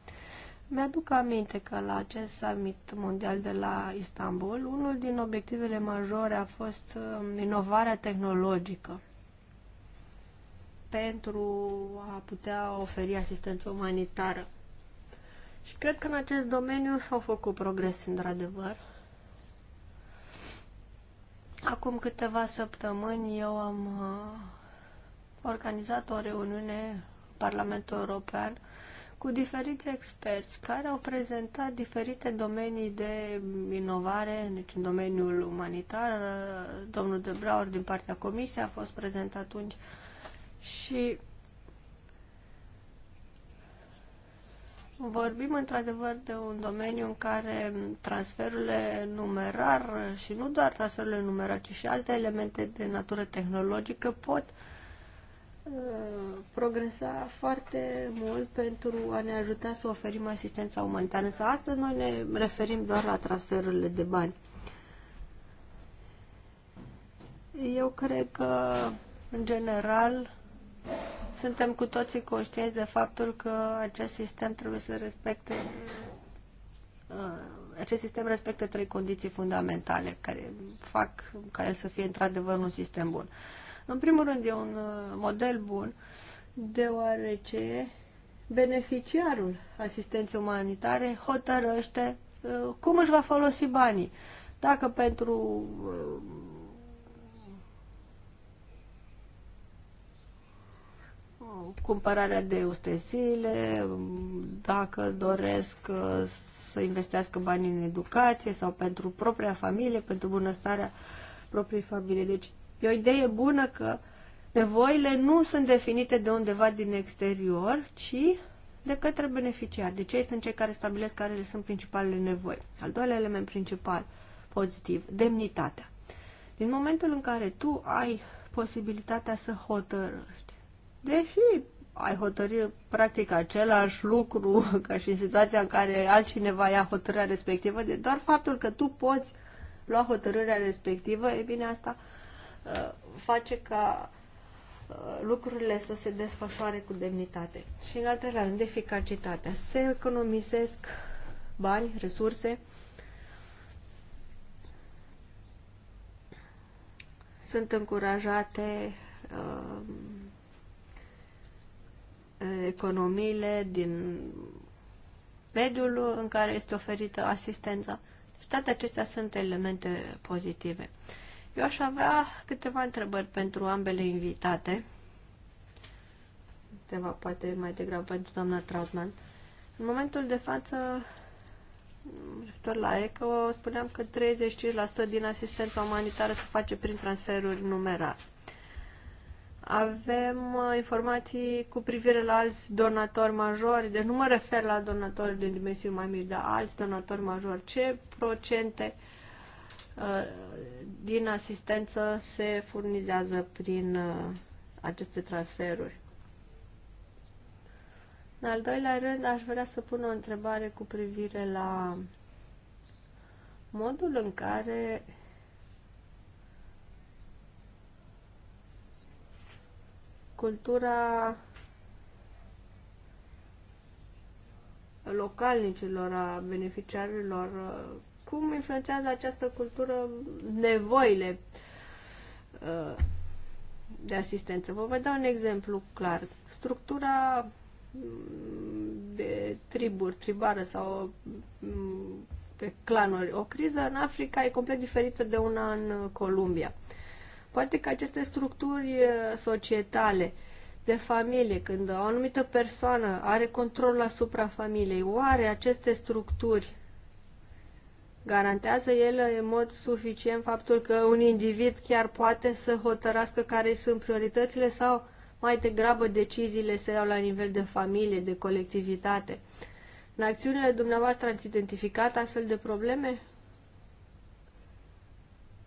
[SPEAKER 5] Mi-aduc aminte că la acest summit mondial de la Istanbul, unul din obiectivele majore a fost um, inovarea tehnologică pentru a putea oferi asistență umanitară. Și cred că în acest domeniu s-au făcut progrese, într-adevăr. Acum câteva săptămâni eu am uh, organizat o reuniune în Parlamentul European cu diferiți experți care au prezentat diferite domenii de inovare, deci în domeniul umanitar. Domnul De Braur din partea comisiei a fost prezent atunci și vorbim într-adevăr de un domeniu în care transferurile numerar și nu doar transferurile numerar, ci și alte elemente de natură tehnologică pot uh, Uh, progresa foarte mult pentru a ne ajuta să oferim asistența umanitară. Însă astăzi noi ne referim doar la transferurile de bani. Eu cred că, în general, suntem cu toții conștienți de faptul că acest sistem trebuie să respecte uh, acest sistem respectă trei condiții fundamentale care fac ca el să fie într-adevăr un sistem bun. Uh, în primul rând, e un uh, model bun, deoarece beneficiarul asistenței umanitare hotărăște uh, cum își va folosi banii. Dacă pentru uh, cumpărarea de ustensile, dacă doresc să investească bani în educație sau pentru propria familie, pentru bunăstarea propriei familii. Deci E o idee bună că nevoile nu sunt definite de undeva din exterior, ci de către beneficiari. Deci ei sunt cei care stabilesc care le sunt principalele nevoi. Al doilea element principal pozitiv, demnitatea. Din momentul în care tu ai posibilitatea să hotărăști, deși ai hotărât practic același lucru ca și în situația în care altcineva ia hotărârea respectivă, de doar faptul că tu poți lua hotărârea respectivă, e bine asta Uh, face ca uh, lucrurile să se desfășoare cu demnitate. Și în al treilea rând, eficacitatea. Se economisesc bani, resurse. Sunt încurajate uh, economiile din mediul în care este oferită asistența. Deci toate acestea sunt elemente pozitive. Uh, eu aș avea câteva întrebări pentru ambele invitate. Câteva poate mai degrabă pentru doamna Trautman. În momentul de față, referitor la ECO, spuneam că 35% din asistența umanitară se face prin transferuri numerar. Avem uh, informații cu privire la alți donatori majori, deci nu mă refer la donatori de dimensiuni mai mici, dar alți donatori majori. Ce procente Uh, din asistență se furnizează prin uh, aceste transferuri. În al doilea rând, aș vrea să pun o întrebare cu privire la modul în care cultura localnicilor, a beneficiarilor uh, cum influențează această cultură nevoile uh, de asistență. Vă voi da un exemplu clar. Structura mm, de triburi, tribară sau pe mm, clanuri. O criză în Africa e complet diferită de una în Columbia. Poate că aceste structuri uh, societale de familie, când o anumită persoană are control asupra familiei, oare aceste structuri Garantează el în mod suficient faptul că un individ chiar poate să hotărască care sunt prioritățile sau mai degrabă deciziile se iau la nivel de familie, de colectivitate. În acțiunile dumneavoastră ați identificat astfel de probleme?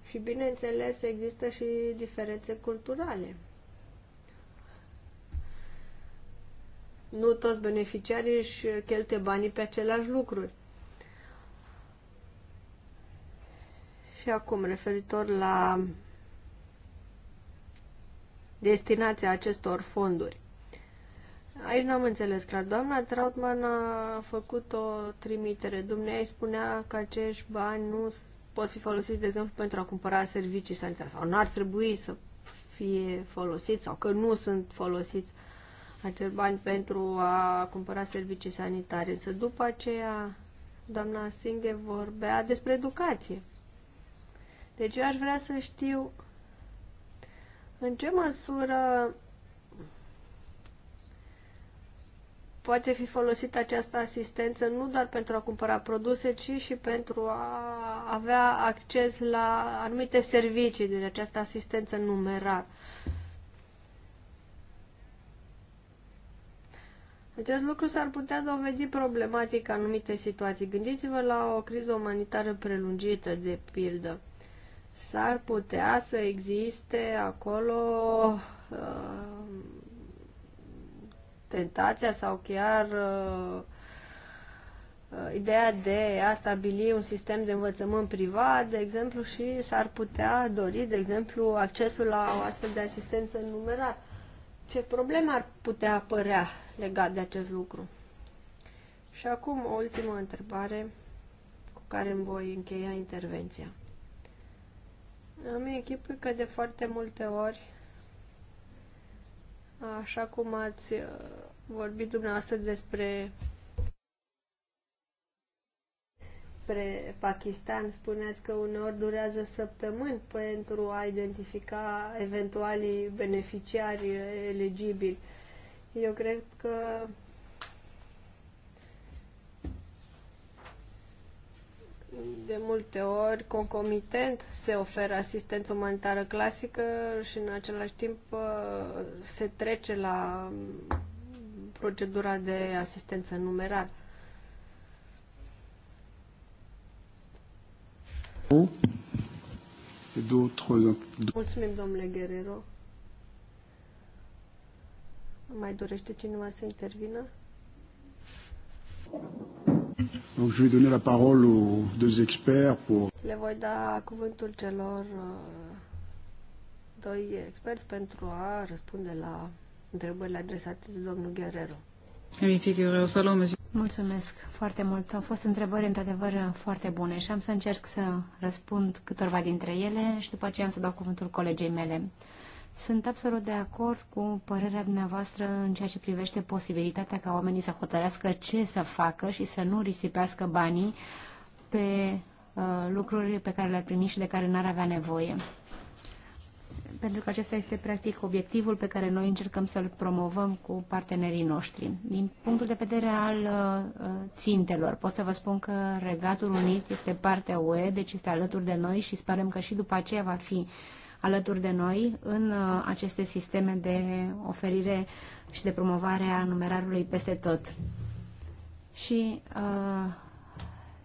[SPEAKER 5] Și bineînțeles există și diferențe culturale. Nu toți beneficiarii își cheltuie banii pe aceleași lucruri. Și acum, referitor la destinația acestor fonduri. Aici n-am înțeles clar. Doamna Trautman a făcut o trimitere. Dumnezeu spunea că acești bani nu pot fi folosiți, de exemplu, pentru a cumpăra servicii sanitare sau n-ar trebui să fie folosiți sau că nu sunt folosiți acel bani pentru a cumpăra servicii sanitare. Însă după aceea, doamna singe vorbea despre educație. Deci eu aș vrea să știu în ce măsură poate fi folosită această asistență nu doar pentru a cumpăra produse, ci și pentru a avea acces la anumite servicii din această asistență numerar. Acest lucru s-ar putea dovedi problematic în anumite situații. Gândiți-vă la o criză umanitară prelungită, de pildă s-ar putea să existe acolo uh, tentația sau chiar uh, ideea de a stabili un sistem de învățământ privat, de exemplu, și s-ar putea dori, de exemplu, accesul la o astfel de asistență numerar. Ce probleme ar putea apărea legat de acest lucru? Și acum o ultimă întrebare cu care îmi voi încheia intervenția. Am închipui că de foarte multe ori, așa cum ați uh, vorbit dumneavoastră despre despre Pakistan, spuneați că uneori durează săptămâni pentru a identifica eventualii beneficiari elegibili. Eu cred că de multe ori, concomitent, se oferă asistență umanitară clasică și în același timp uh, se trece la mm, procedura de asistență numerar. Da. Mulțumim, domnule Guerrero. Mai dorește cineva să intervină?
[SPEAKER 3] Donc je vais donner la parole aux deux experts pour...
[SPEAKER 5] Le voi da cuvântul celor uh, doi experți pentru a răspunde la întrebările
[SPEAKER 1] adresate de domnul Guerrero. Mulțumesc foarte mult. Au fost întrebări într-adevăr foarte bune și am să încerc să răspund câtorva dintre ele și după aceea am să dau cuvântul colegei mele. Sunt absolut de acord cu părerea dumneavoastră în ceea ce privește posibilitatea ca oamenii să hotărească ce să facă și să nu risipească banii pe uh, lucruri pe care le-ar primi și de care n-ar avea nevoie. Pentru că acesta este practic obiectivul pe care noi încercăm să-l promovăm cu partenerii noștri. Din punctul de vedere al uh, țintelor, pot să vă spun că Regatul Unit este partea UE, deci este alături de noi și sperăm că și după aceea va fi uh, alături de noi în uh, aceste sisteme de oferire și de promovare a numerarului peste tot. Și uh,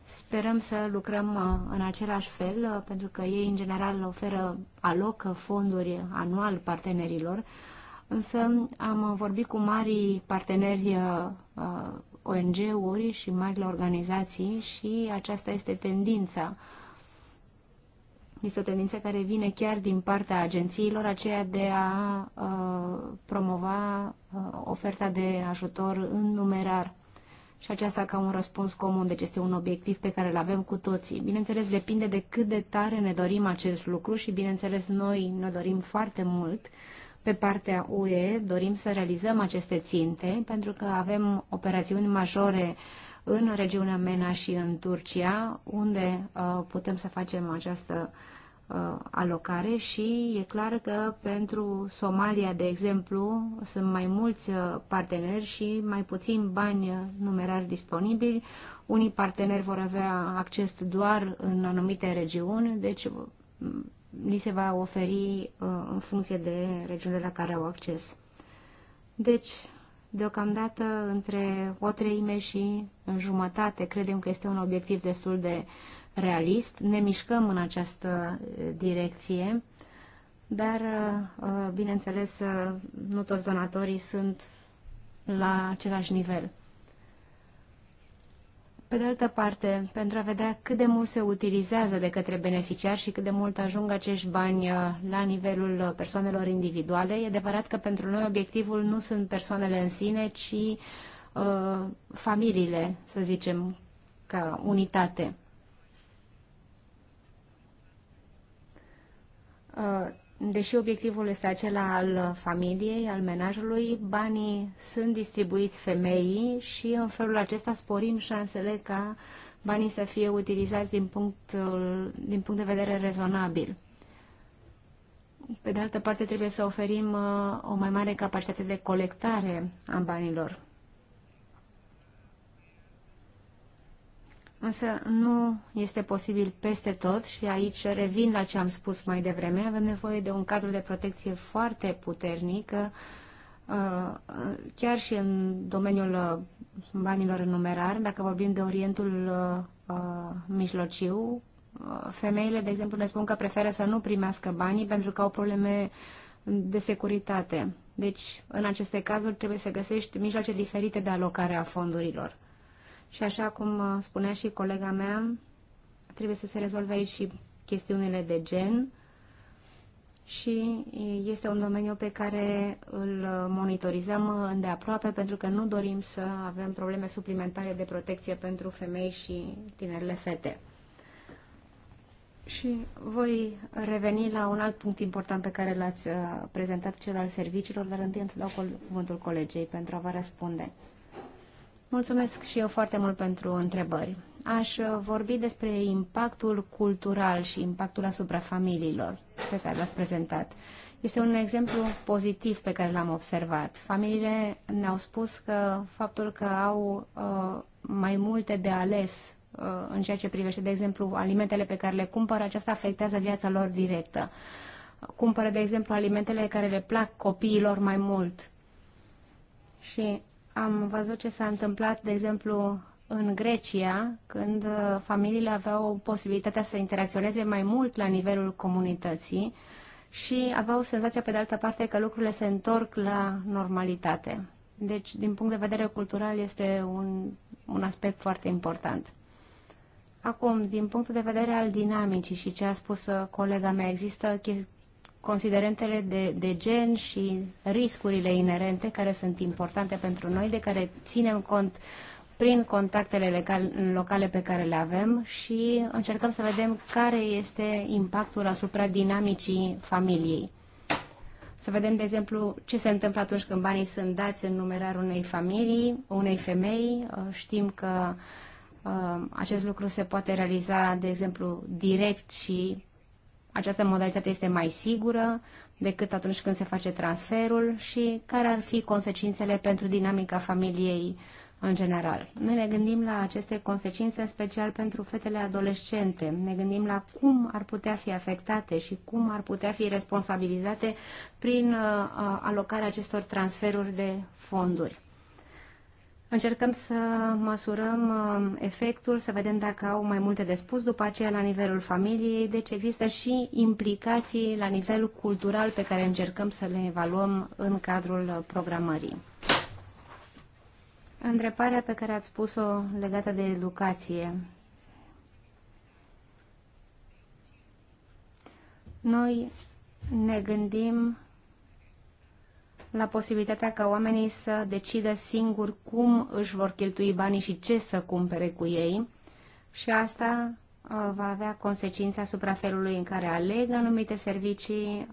[SPEAKER 1] sperăm să lucrăm uh, în același fel, uh, pentru că ei, în general, oferă, alocă fonduri anual partenerilor, însă am vorbit cu mari parteneri uh, uh, ONG-uri și marile organizații și aceasta este tendința uh, este o tendință care vine chiar din partea agențiilor, aceea de a uh, promova uh, oferta de ajutor în numerar. Și aceasta ca un răspuns comun, deci este un obiectiv pe care îl avem cu toții. Bineînțeles, depinde de cât de tare ne dorim acest lucru și, bineînțeles, noi ne dorim foarte mult, pe partea UE dorim să realizăm aceste ținte pentru că avem operațiuni majore în regiunea MENA și în Turcia, unde uh, putem să facem această uh, alocare și e clar că pentru Somalia, de exemplu, sunt mai mulți uh, parteneri și mai puțin bani numerari disponibili. Unii parteneri vor avea acces doar în anumite regiuni, deci li se va oferi în funcție de regiunile la care au acces. Deci, Deocamdată între o treime și în jumătate credem că este un obiectiv destul de realist. Ne mișcăm în această direcție, dar, bineînțeles, nu toți donatorii sunt la același nivel. Pe de altă parte, pentru a vedea cât de mult se utilizează de către beneficiari și cât de mult ajung acești bani uh, la nivelul uh, persoanelor individuale, e adevărat că pentru noi obiectivul nu sunt persoanele în sine, ci uh, familiile, să zicem, ca unitate. Uh, deși obiectivul este acela al familiei, al menajului, banii sunt distribuiți femeii și în felul acesta sporim șansele ca banii să fie utilizați din, punctul, din punct de vedere rezonabil. Pe de altă parte, trebuie să oferim uh, o mai mare capacitate de colectare a banilor. însă nu este posibil peste tot și aici revin la ce am spus mai devreme. Avem nevoie de un cadru de protecție foarte puternic, uh, chiar și în domeniul uh, banilor în numerar, dacă vorbim de Orientul uh, Mijlociu, femeile, de exemplu, ne spun că preferă să nu primească banii pentru că au probleme de securitate. Deci, în aceste cazuri, trebuie să găsești mijloace diferite de alocare a fondurilor. Și așa cum uh, spunea și colega mea, trebuie să se rezolve aici și chestiunile de gen și uh, este un domeniu pe care îl uh, monitorizăm îndeaproape pentru că nu dorim să avem probleme suplimentare de protecție pentru femei și tinerile fete. Și voi reveni la un alt punct important pe care l-ați prezentat, cel al serviciilor, dar întâi îți dau cuvântul colegei pentru a vă răspunde. Mulțumesc și eu foarte mult pentru întrebări. Aș uh, vorbi despre impactul cultural și impactul asupra familiilor pe care l-ați prezentat. Este un exemplu pozitiv pe care l-am observat. Familiile ne-au spus că faptul că au uh, mai multe de ales uh, în ceea ce privește, de exemplu, alimentele pe care le cumpără, aceasta afectează viața lor directă. Cumpără, de exemplu, alimentele care le plac copiilor mai mult. Și am văzut ce s-a întâmplat, de exemplu, în Grecia, când uh, familiile aveau posibilitatea să interacționeze mai mult la nivelul comunității și aveau senzația, pe de altă parte, că lucrurile se întorc la normalitate. Deci, din punct de vedere cultural, este un, un aspect foarte important. Acum, din punctul de vedere al dinamicii și ce a spus uh, colega mea, există considerentele de, de gen și riscurile inerente care sunt importante pentru noi, de care ținem cont prin contactele locale pe care le avem și încercăm să vedem care este impactul asupra dinamicii familiei. Să vedem, de exemplu, ce se întâmplă atunci când banii sunt dați în numerar unei familii, unei femei. Știm că uh, acest lucru se poate realiza, de exemplu, direct și această modalitate este mai sigură decât atunci când se face transferul și care ar fi consecințele pentru dinamica familiei în general. Noi ne gândim la aceste consecințe, în special pentru fetele adolescente. Ne gândim la cum ar putea fi afectate și cum ar putea fi responsabilizate prin uh, uh, alocarea acestor transferuri de fonduri. Încercăm să măsurăm uh, efectul, să vedem dacă au mai multe de spus, după aceea la nivelul familiei. Deci există și implicații la nivel cultural pe care încercăm să le evaluăm în cadrul programării. Întrebarea pe care ați spus-o legată de educație. Noi ne gândim la posibilitatea ca oamenii să decidă singuri cum își vor cheltui banii și ce să cumpere cu ei și asta uh, va avea consecințe asupra felului în care aleg anumite servicii,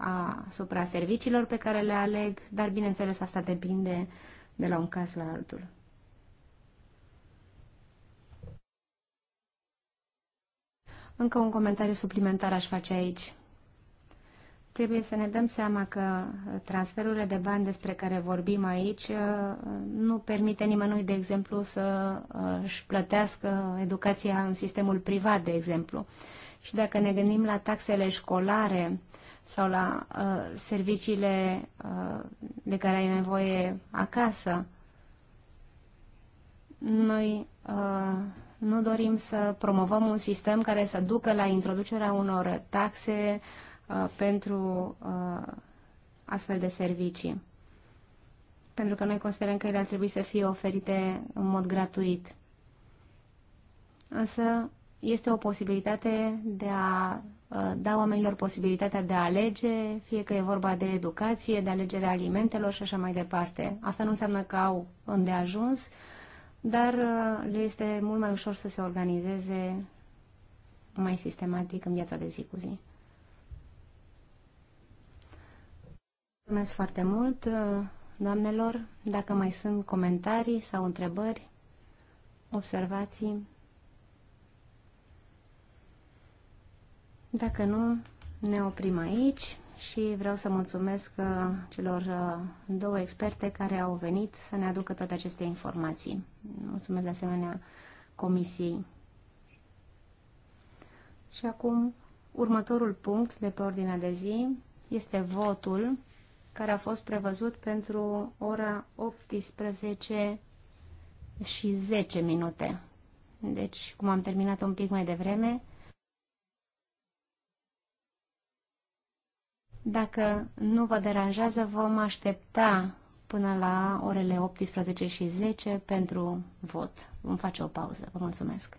[SPEAKER 1] asupra serviciilor pe care le aleg, dar bineînțeles asta depinde de la un caz la altul. Încă un comentariu suplimentar aș face aici trebuie să ne dăm seama că transferurile de bani despre care vorbim aici uh, nu permite nimănui, de exemplu, să uh, își plătească educația în sistemul privat, de exemplu. Și dacă ne gândim la taxele școlare sau la uh, serviciile uh, de care ai nevoie acasă, noi uh, nu dorim să promovăm un sistem care să ducă la introducerea unor taxe uh, Uh, pentru uh, astfel de servicii. Pentru că noi considerăm că ele ar trebui să fie oferite în mod gratuit. Însă este o posibilitate de a uh, da oamenilor posibilitatea de a alege, fie că e vorba de educație, de alegerea alimentelor și așa mai departe. Asta nu înseamnă că au îndeajuns, dar le este mult mai ușor să se organizeze mai sistematic în viața de zi cu zi. Mulțumesc foarte mult, uh, doamnelor. Dacă mai sunt comentarii sau întrebări, observații. Dacă nu, ne oprim aici și vreau să mulțumesc uh, celor uh, două experte care au venit să ne aducă toate aceste informații. Mulțumesc de asemenea comisiei. Și acum, următorul punct de pe ordinea de zi este votul care a fost prevăzut pentru ora 18 și 10 minute. Deci, cum am terminat un pic mai devreme, dacă nu vă deranjează, vom aștepta până la orele 18 și 10 pentru vot. Vom face o pauză. Vă mulțumesc!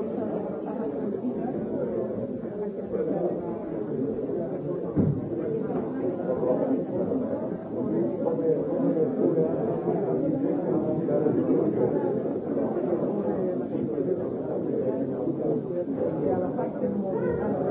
[SPEAKER 6] foarte mult.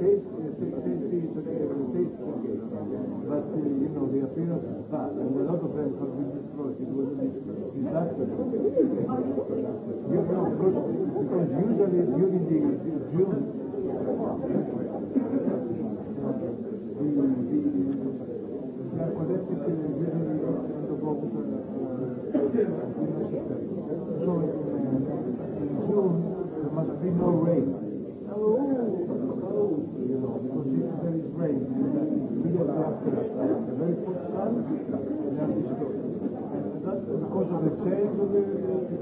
[SPEAKER 6] taste, tasty today it was a tasty cake. But, uh, you know, the appearance of that, and a lot of them have been destroyed. It was a disaster. You know, good.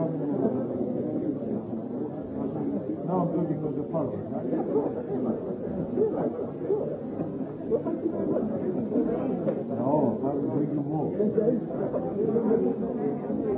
[SPEAKER 6] Now I'm looking for the following, right? No, I'm going to move.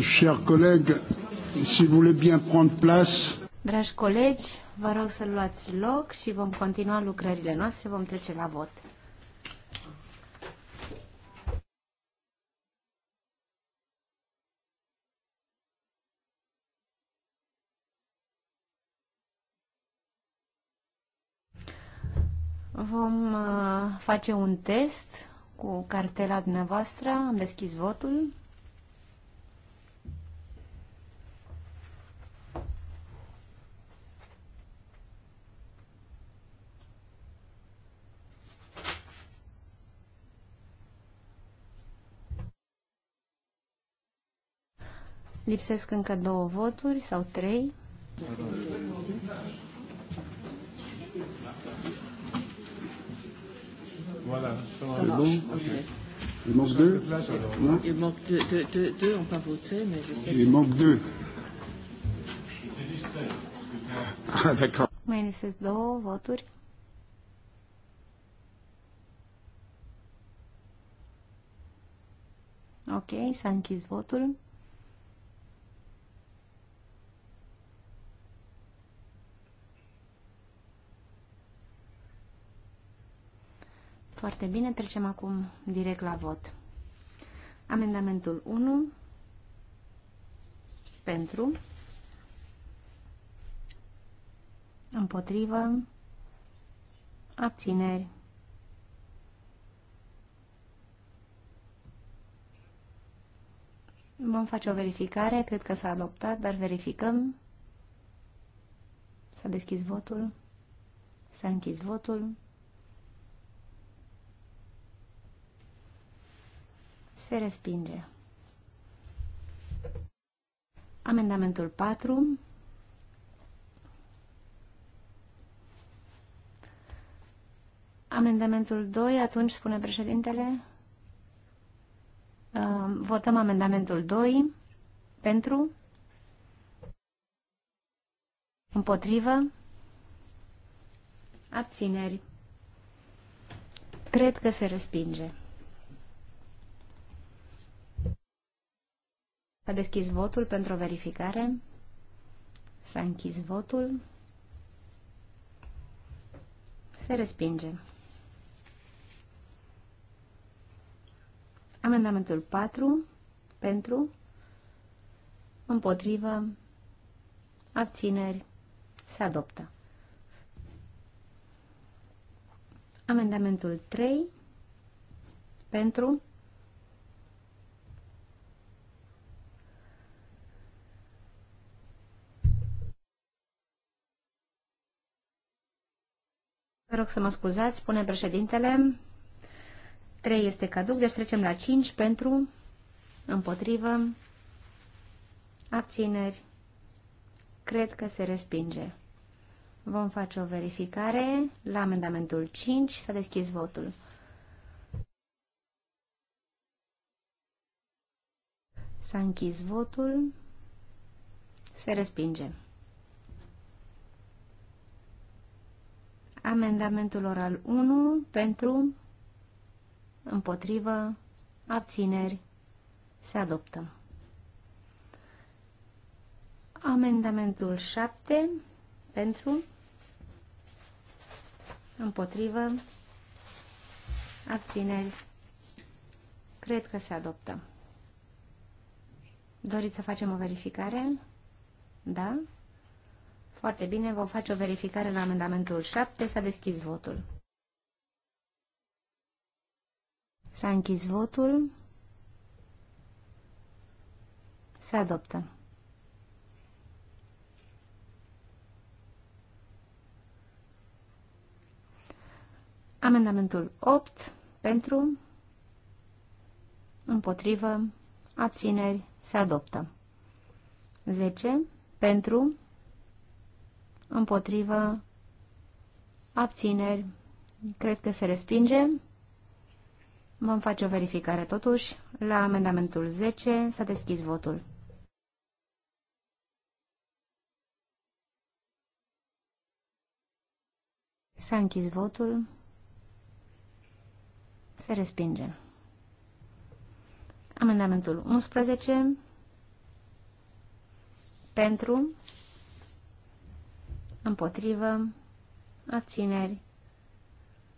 [SPEAKER 3] Chers collègues, si vous voulez bien prendre place.
[SPEAKER 1] Dragi colegi, Vă rog să luați loc și vom continua lucrările noastre, vom trece la vot. Vom uh, face un test cu cartela dumneavoastră. Am deschis votul. Lipsesc încă două voturi sau trei.
[SPEAKER 4] Il manque deux non
[SPEAKER 6] Il manque deux, deux, deux, deux, pas voté, mais je sais. Il manque deux. Ah, ah d'accord.
[SPEAKER 1] Mai lipsesc două voturi. Ok, s-a închis votul. Foarte bine, trecem acum direct la vot. Amendamentul 1 pentru împotrivă abțineri Vom face o verificare, cred că s-a adoptat, dar verificăm. S-a deschis votul, s-a închis votul. se respinge. Amendamentul 4. Amendamentul 2, atunci spune președintele, uh, votăm amendamentul 2 pentru, împotrivă, abțineri. Cred că se respinge. S-a deschis votul pentru verificare. S-a închis votul. Se respinge. Amendamentul 4 pentru, împotrivă, abțineri, se adoptă. Amendamentul 3 pentru, Vă rog să mă scuzați, spune președintele. 3 este caduc, deci trecem la 5 pentru, împotrivă, abțineri. Cred că se respinge. Vom face o verificare la amendamentul 5. S-a deschis votul. S-a închis votul. Se respinge. Amendamentul oral 1 pentru, împotrivă, abțineri, se adoptă. Amendamentul 7 pentru, împotrivă, abțineri, cred că se adoptă. Doriți să facem o verificare? Da? Foarte bine, vom face o verificare la amendamentul 7. S-a deschis votul. S-a închis votul. Se adoptă. Amendamentul 8 pentru, împotrivă, abțineri, se adoptă. 10 pentru, împotrivă, abțineri, cred că se respinge. Vom face o verificare totuși. La amendamentul 10 s-a deschis votul. S-a închis votul. Se respinge. Amendamentul 11 pentru împotrivă, abțineri,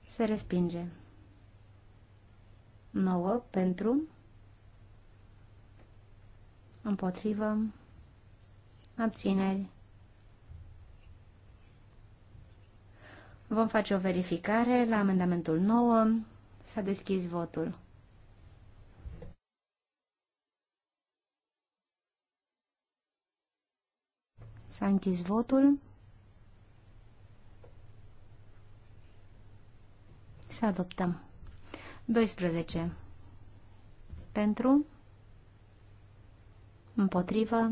[SPEAKER 1] se respinge. 9 pentru, împotrivă, abțineri. Vom face o verificare la amendamentul 9. S-a deschis votul. S-a închis votul. se adoptă. 12. Pentru, împotrivă,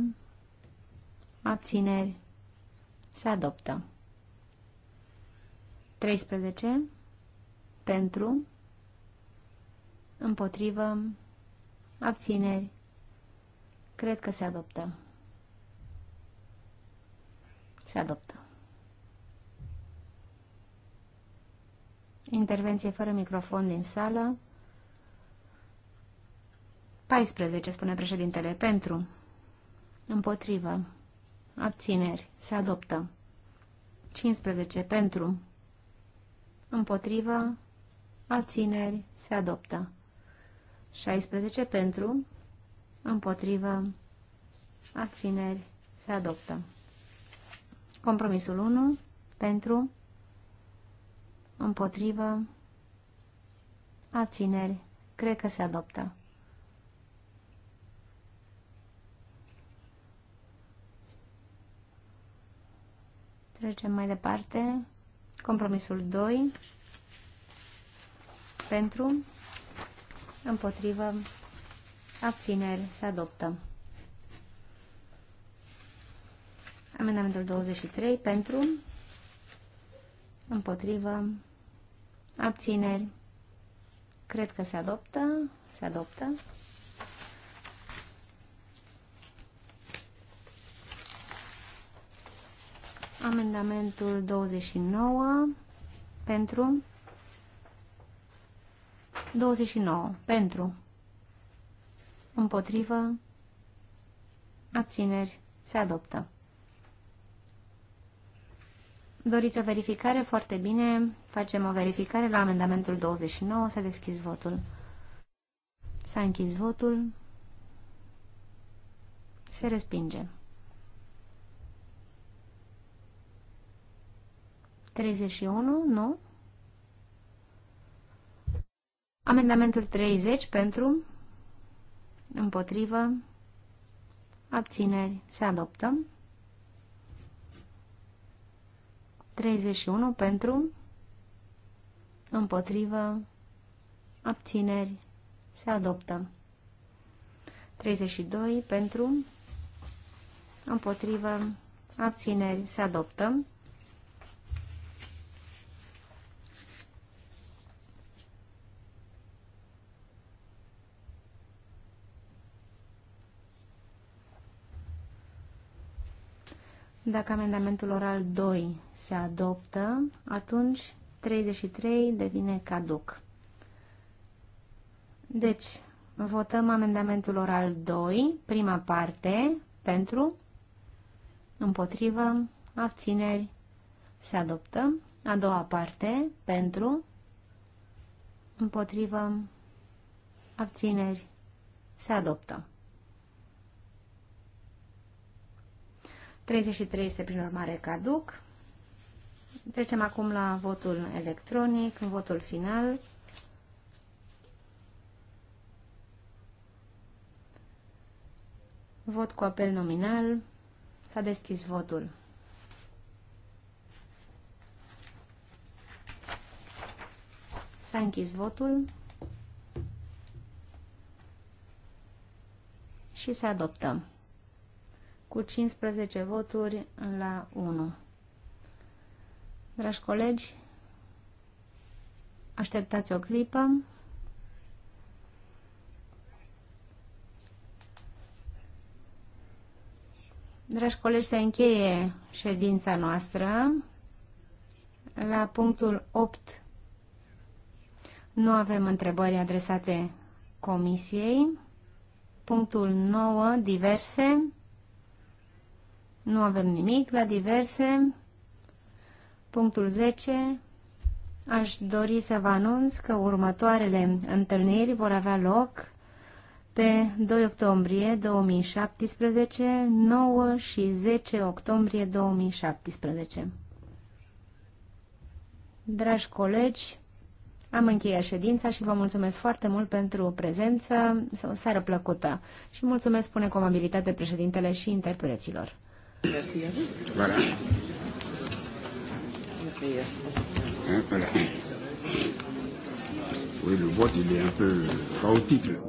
[SPEAKER 1] abțineri, se adoptă. 13. Pentru, împotrivă, abțineri, cred că se adoptă. Se adoptă. Intervenție fără microfon din sală. 14, spune președintele, pentru, împotrivă, abțineri, se adoptă. 15, pentru, împotrivă, abțineri, se adoptă. 16, pentru, împotrivă, abțineri, se adoptă. Compromisul 1, pentru, împotrivă, abțineri, cred că se adoptă. Trecem mai departe. Compromisul 2. Pentru, împotrivă, abțineri, se adoptă. Amendamentul 23 pentru, împotrivă, Abțineri. Cred că se adoptă. Se adoptă. Amendamentul 29 pentru 29 pentru împotrivă abțineri se adoptă. Doriți o verificare? Foarte bine. Facem o verificare la amendamentul 29. S-a deschis votul. S-a închis votul. Se respinge. 31, nu? Amendamentul 30 pentru, împotrivă, abțineri, se adoptă. 31 pentru, împotrivă, abțineri, se adoptă. 32 pentru, împotrivă, abțineri, se adoptă. Dacă amendamentul oral 2 se adoptă, atunci 33 devine caduc. Deci, votăm amendamentul oral 2, prima parte, pentru, împotrivă, abțineri, se adoptă. A doua parte, pentru, împotrivă, abțineri, se adoptă. 33 este prin urmare caduc. Trecem acum la votul electronic, votul final. Vot cu apel nominal. S-a deschis votul. S-a închis votul și se adoptăm cu 15 voturi la 1. Dragi colegi, așteptați o clipă. Dragi colegi, se încheie ședința noastră. La punctul 8 nu avem întrebări adresate comisiei. Punctul 9, diverse. Nu avem nimic. La diverse, punctul 10, aș dori să vă anunț că următoarele întâlniri vor avea loc pe 2 octombrie 2017, 9 și 10 octombrie 2017. Dragi colegi, am încheiat ședința și vă mulțumesc foarte mult pentru prezență, o seară plăcută și mulțumesc, pune cu amabilitate președintele și interpreților.
[SPEAKER 6] Merci à vous. Voilà. Hein,
[SPEAKER 4] Oui, le vote, il est un peu chaotique. Là.